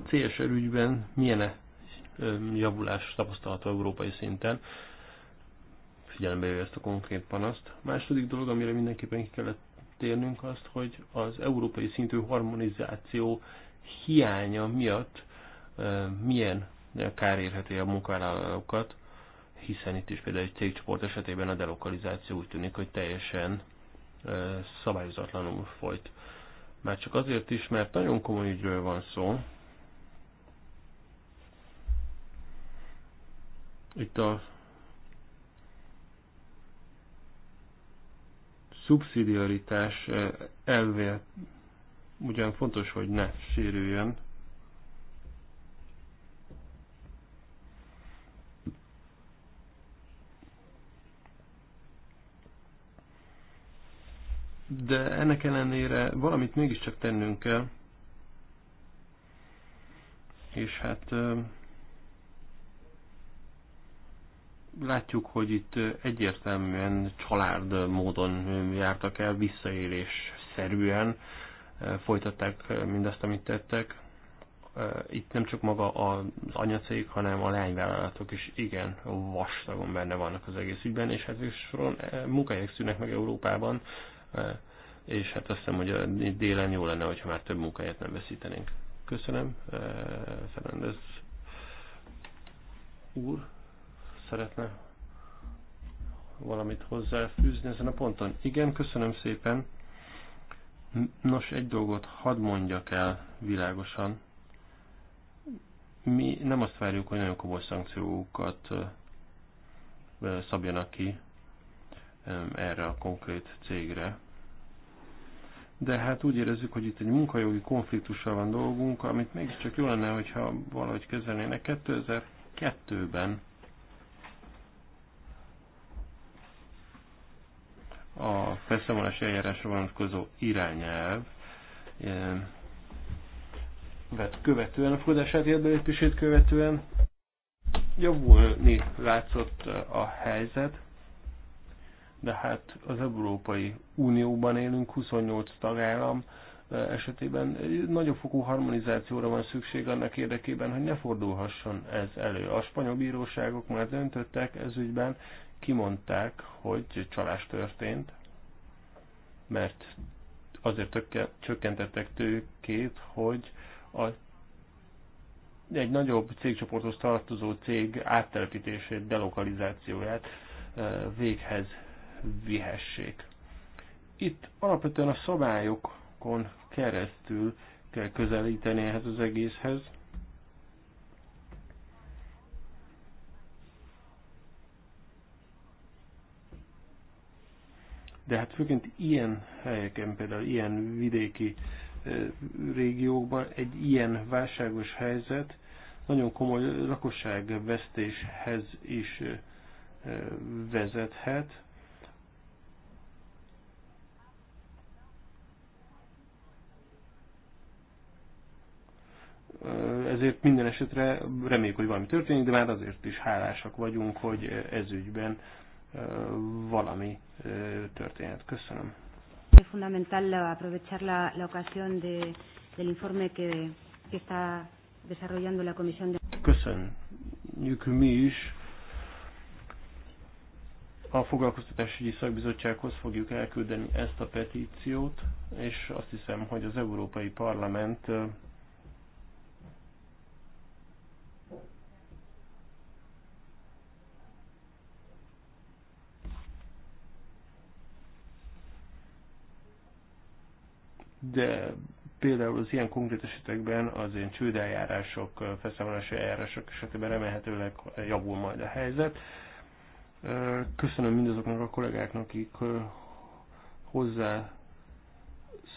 CSR ügyben milyen -e javulás tapasztalható európai szinten? Figyelembe ezt a konkrét panaszt. Második dolog, amire mindenképpen ki kellett térnünk azt, hogy az európai szintű harmonizáció hiánya miatt milyen kár érheti a munkavállalókat, hiszen itt is például egy cégcsoport esetében a delokalizáció úgy tűnik, hogy teljesen szabályozatlanul folyt. Már csak azért is, mert nagyon komoly ügyről van szó. Itt a szubszidiaritás eh, elvél ugyan fontos, hogy ne sérüljön. De ennek ellenére valamit mégiscsak tennünk kell, és hát eh, látjuk, hogy itt egyértelműen család módon jártak el, visszaélés szerűen folytatták mindazt, amit tettek. Itt nem csak maga az anyacég, hanem a lányvállalatok is igen vastagon benne vannak az egész ügyben, és hát soron eh, munkahelyek szűnek meg Európában, eh, és hát azt hiszem, hogy a délen jó lenne, hogyha már több munkahelyet nem veszítenénk. Köszönöm, eh, Fernandez úr szeretne valamit hozzáfűzni ezen a ponton. Igen, köszönöm szépen. Nos, egy dolgot hadd mondjak el világosan. Mi nem azt várjuk, hogy nagyon komoly szankciókat szabjanak ki erre a konkrét cégre. De hát úgy érezzük, hogy itt egy munkajogi konfliktussal van dolgunk, amit mégiscsak jó lenne, hogyha valahogy kezelnének. 2002-ben a felszámolási eljárásra vonatkozó irányelv e, vett követően, a fogadását érdelépését követően javulni látszott e, a helyzet, de hát az Európai Unióban élünk, 28 tagállam e, esetében nagyobb fokú harmonizációra van szükség annak érdekében, hogy ne fordulhasson ez elő. A spanyol bíróságok már döntöttek ez ügyben, kimondták, hogy csalás történt, mert azért csökkentettek tőkét, hogy a, egy nagyobb cégcsoporthoz tartozó cég áttelepítését, delokalizációját véghez vihessék. Itt alapvetően a szabályokon keresztül kell közelíteni ehhez az egészhez, de hát főként ilyen helyeken, például ilyen vidéki eh, régiókban egy ilyen válságos helyzet nagyon komoly lakosságvesztéshez is eh, eh, vezethet. Ezért minden esetre reméljük, hogy valami történik, de már azért is hálásak vagyunk, hogy ez ügyben valami történet. Köszönöm. Es fundamental aprovechar la, la ocasión de, del informe que, que está desarrollando la Comisión de... Köszönjük mi is. A foglalkoztatásügyi szakbizottsághoz fogjuk elküldeni ezt a petíciót, és azt hiszem, hogy az Európai Parlament de például az ilyen konkrét esetekben az én csődeljárások, felszámolási eljárások esetében remélhetőleg javul majd a helyzet. Köszönöm mindazoknak a kollégáknak, akik hozzá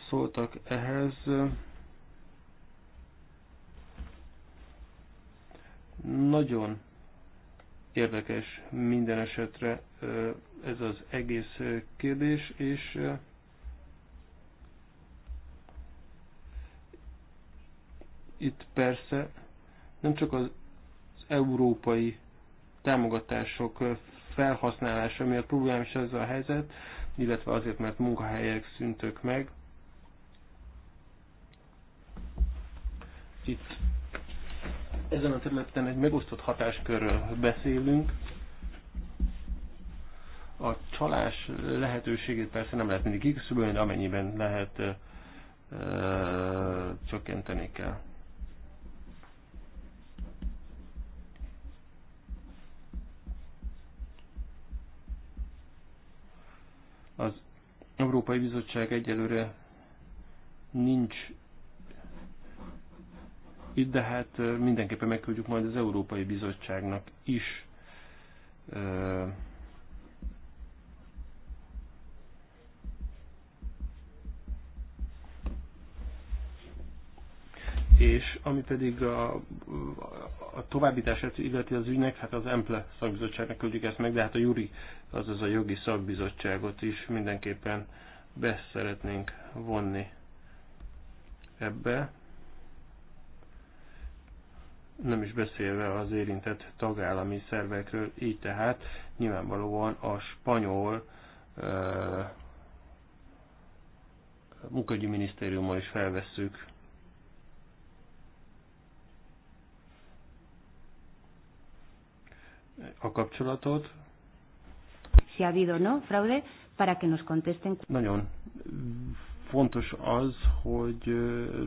szóltak ehhez. Nagyon érdekes minden esetre ez az egész kérdés, és Itt persze nem csak az európai támogatások felhasználása miatt problémás ez a helyzet, illetve azért, mert munkahelyek szüntök meg. Itt ezen a területen egy megosztott hatáskörről beszélünk. A csalás lehetőségét persze nem lehet mindig kiküszöbölni, de amennyiben lehet, ö, ö, csökkenteni kell. Az Európai Bizottság egyelőre nincs itt, de hát mindenképpen megküldjük majd az Európai Bizottságnak is és ami pedig a, a továbbítását illeti az ügynek, hát az EMPLE szakbizottságnak küldjük ezt meg, de hát a Juri, azaz a jogi szakbizottságot is mindenképpen be szeretnénk vonni ebbe. Nem is beszélve az érintett tagállami szervekről, így tehát nyilvánvalóan a spanyol uh, munkagyi minisztériummal is felvesszük a kapcsolatot. Si ha habido no fraude, para que nos contesten. Nagyon fontos az, hogy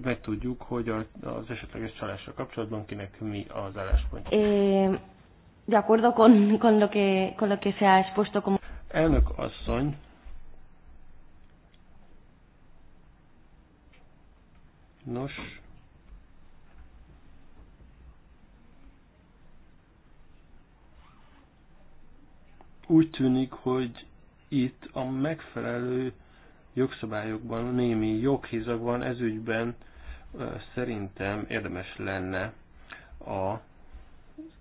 megtudjuk, hogy az esetleges csalással kapcsolatban kinek mi az álláspontja. Eh, de acuerdo con, con, lo que, con lo que se ha expuesto como... Elnök asszony, nos, Úgy tűnik, hogy itt a megfelelő jogszabályokban, némi ez ezügyben szerintem érdemes lenne a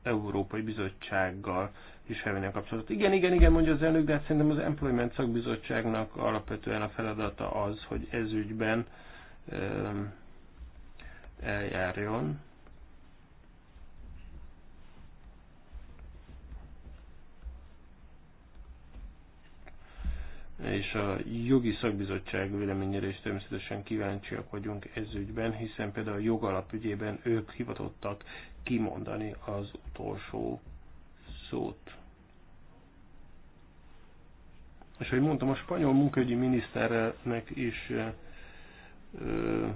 Európai Bizottsággal is felvenni a kapcsolatot. Igen, igen, igen, mondja az elnök, de hát szerintem az Employment Szakbizottságnak alapvetően a feladata az, hogy ezügyben eljárjon. és a jogi szakbizottság véleményére is természetesen kíváncsiak vagyunk ez ügyben, hiszen például a jogalapügyében ők hivatottak kimondani az utolsó szót. És ahogy mondtam, a spanyol munkaügyi miniszternek is ö,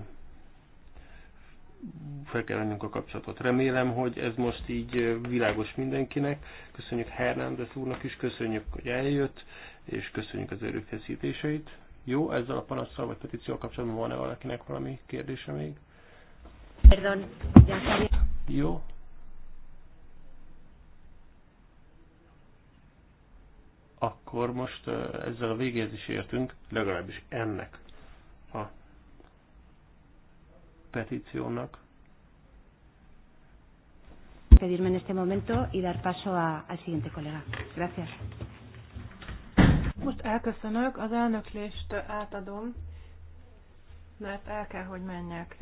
fel kell lennünk a kapcsolatot. Remélem, hogy ez most így világos mindenkinek. Köszönjük Hernández úrnak is, köszönjük, hogy eljött és köszönjük az erőfeszítéseit. Jó, ezzel a panaszsal vagy petícióval kapcsolatban van-e valakinek valami kérdése még? Pardon. Jó. Akkor most ezzel a végéhez is értünk, legalábbis ennek a petíciónak. Pedirme en este momento y dar paso a, al siguiente colega. Gracias. Most elköszönök, az elnöklést átadom, mert el kell, hogy menjek.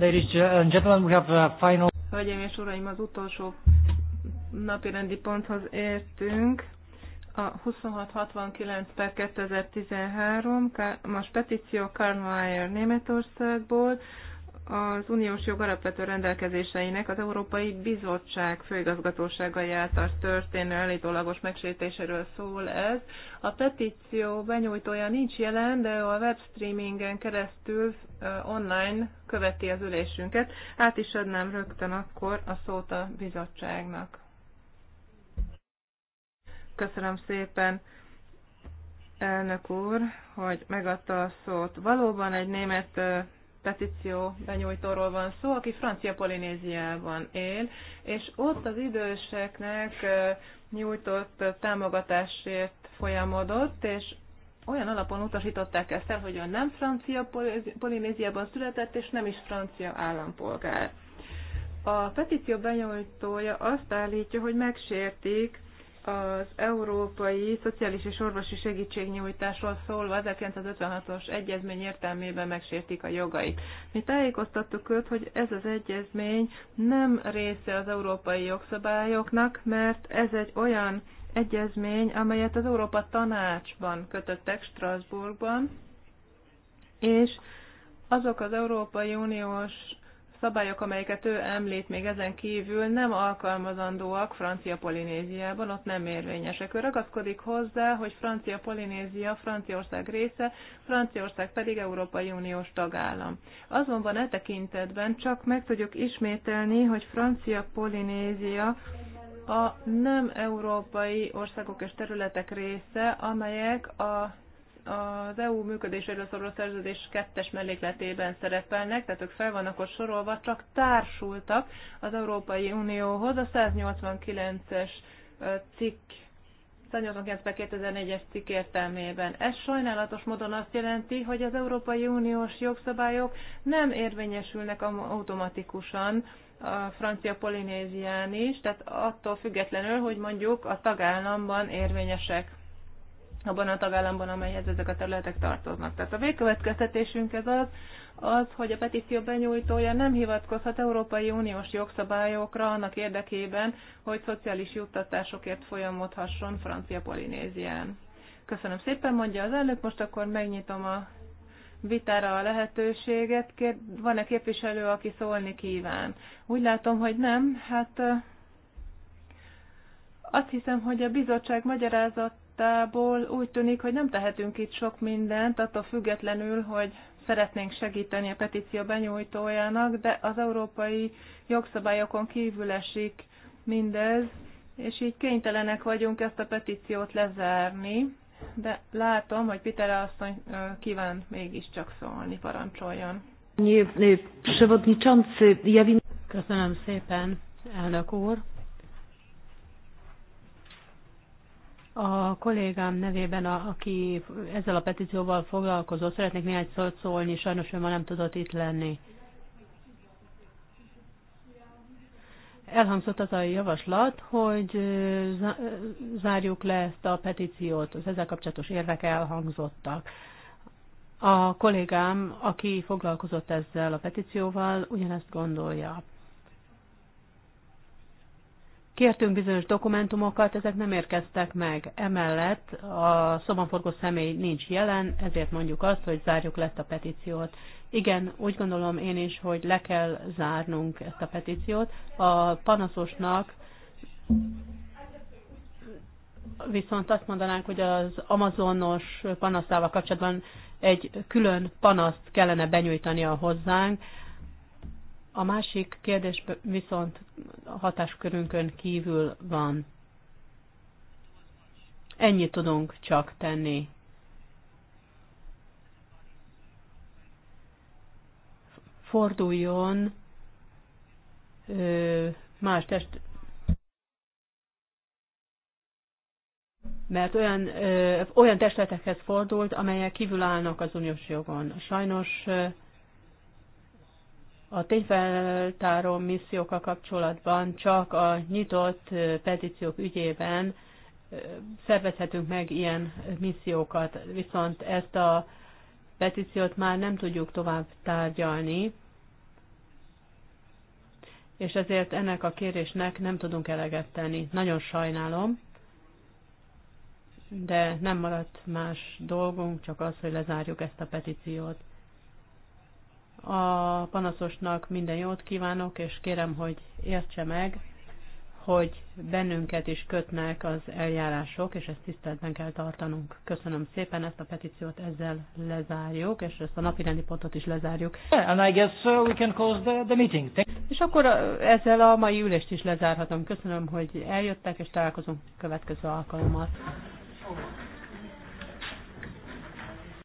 Ladies and gentlemen, we have a uh, final... Hölgyeim és uraim, az utolsó rendi ponthoz értünk. A 2669 per 2013, most petíció Karl Mayer Németországból, az uniós jog alapvető rendelkezéseinek az Európai Bizottság főigazgatóságai által történő elítólagos megsértéséről szól ez. A petíció benyújtója nincs jelen, de a webstreamingen keresztül online követi az ülésünket. Át is adnám rögtön akkor a szót a bizottságnak. Köszönöm szépen, elnök úr, hogy megadta a szót. Valóban egy német petíció benyújtóról van szó, aki francia polinéziában él, és ott az időseknek nyújtott támogatásért folyamodott, és olyan alapon utasították ezt el, hogy ő nem francia polinéziában született, és nem is francia állampolgár. A petíció benyújtója azt állítja, hogy megsértik az Európai Szociális és Orvosi Segítségnyújtásról szólva 1956-os egyezmény értelmében megsértik a jogait. Mi tájékoztattuk őt, hogy ez az egyezmény nem része az európai jogszabályoknak, mert ez egy olyan egyezmény, amelyet az Európa Tanácsban kötöttek Strasbourgban, és azok az Európai Uniós szabályok, amelyeket ő említ még ezen kívül nem alkalmazandóak Francia Polinéziában, ott nem érvényesek. Ő ragaszkodik hozzá, hogy Francia Polinézia Franciaország része, Franciaország pedig Európai Uniós tagállam. Azonban e tekintetben csak meg tudjuk ismételni, hogy Francia Polinézia a nem európai országok és területek része, amelyek a az EU működéséről szóló szerződés kettes mellékletében szerepelnek, tehát ők fel vannak ott sorolva, csak társultak az Európai Unióhoz a 189-es cikk 189-2004-es cikk értelmében. Ez sajnálatos módon azt jelenti, hogy az Európai Uniós jogszabályok nem érvényesülnek automatikusan a francia polinézián is, tehát attól függetlenül, hogy mondjuk a tagállamban érvényesek abban a tagállamban, amelyhez ezek a területek tartoznak. Tehát a végkövetkeztetésünk ez az, az, hogy a petíció benyújtója nem hivatkozhat Európai Uniós jogszabályokra annak érdekében, hogy szociális juttatásokért folyamodhasson Francia Polinézián. Köszönöm szépen, mondja az elnök, most akkor megnyitom a vitára a lehetőséget. Van-e képviselő, aki szólni kíván? Úgy látom, hogy nem. Hát azt hiszem, hogy a bizottság magyarázat igazából úgy tűnik, hogy nem tehetünk itt sok mindent, attól függetlenül, hogy szeretnénk segíteni a petíció benyújtójának, de az európai jogszabályokon kívül esik mindez, és így kénytelenek vagyunk ezt a petíciót lezárni, de látom, hogy Peter asszony kíván mégiscsak szólni, parancsoljon. E, Köszönöm szépen, elnök úr. A kollégám nevében, a, aki ezzel a petícióval foglalkozott, szeretnék néhány szót szólni, sajnos ő ma nem tudott itt lenni. Elhangzott az a javaslat, hogy zárjuk le ezt a petíciót, az ezzel kapcsolatos érvek elhangzottak. A kollégám, aki foglalkozott ezzel a petícióval, ugyanezt gondolja. Kértünk bizonyos dokumentumokat, ezek nem érkeztek meg. Emellett a szobanforgó személy nincs jelen, ezért mondjuk azt, hogy zárjuk le ezt a petíciót. Igen, úgy gondolom én is, hogy le kell zárnunk ezt a petíciót. A panaszosnak viszont azt mondanánk, hogy az amazonos panaszával kapcsolatban egy külön panaszt kellene benyújtania hozzánk, a másik kérdés viszont hatáskörünkön kívül van. Ennyit tudunk csak tenni. Forduljon más test, mert olyan, ö, olyan testletekhez fordult, amelyek kívül állnak az uniós jogon. Sajnos ö, a tényfeltáró missziókkal kapcsolatban csak a nyitott petíciók ügyében szervezhetünk meg ilyen missziókat, viszont ezt a petíciót már nem tudjuk tovább tárgyalni, és ezért ennek a kérésnek nem tudunk eleget tenni. Nagyon sajnálom, de nem maradt más dolgunk, csak az, hogy lezárjuk ezt a petíciót. A panaszosnak minden jót kívánok, és kérem, hogy értse meg, hogy bennünket is kötnek az eljárások, és ezt tiszteletben kell tartanunk. Köszönöm szépen, ezt a petíciót ezzel lezárjuk, és ezt a napi rendi pontot is lezárjuk. Uh, és akkor uh, ezzel a mai ülést is lezárhatom. Köszönöm, hogy eljöttek, és találkozunk következő alkalommal.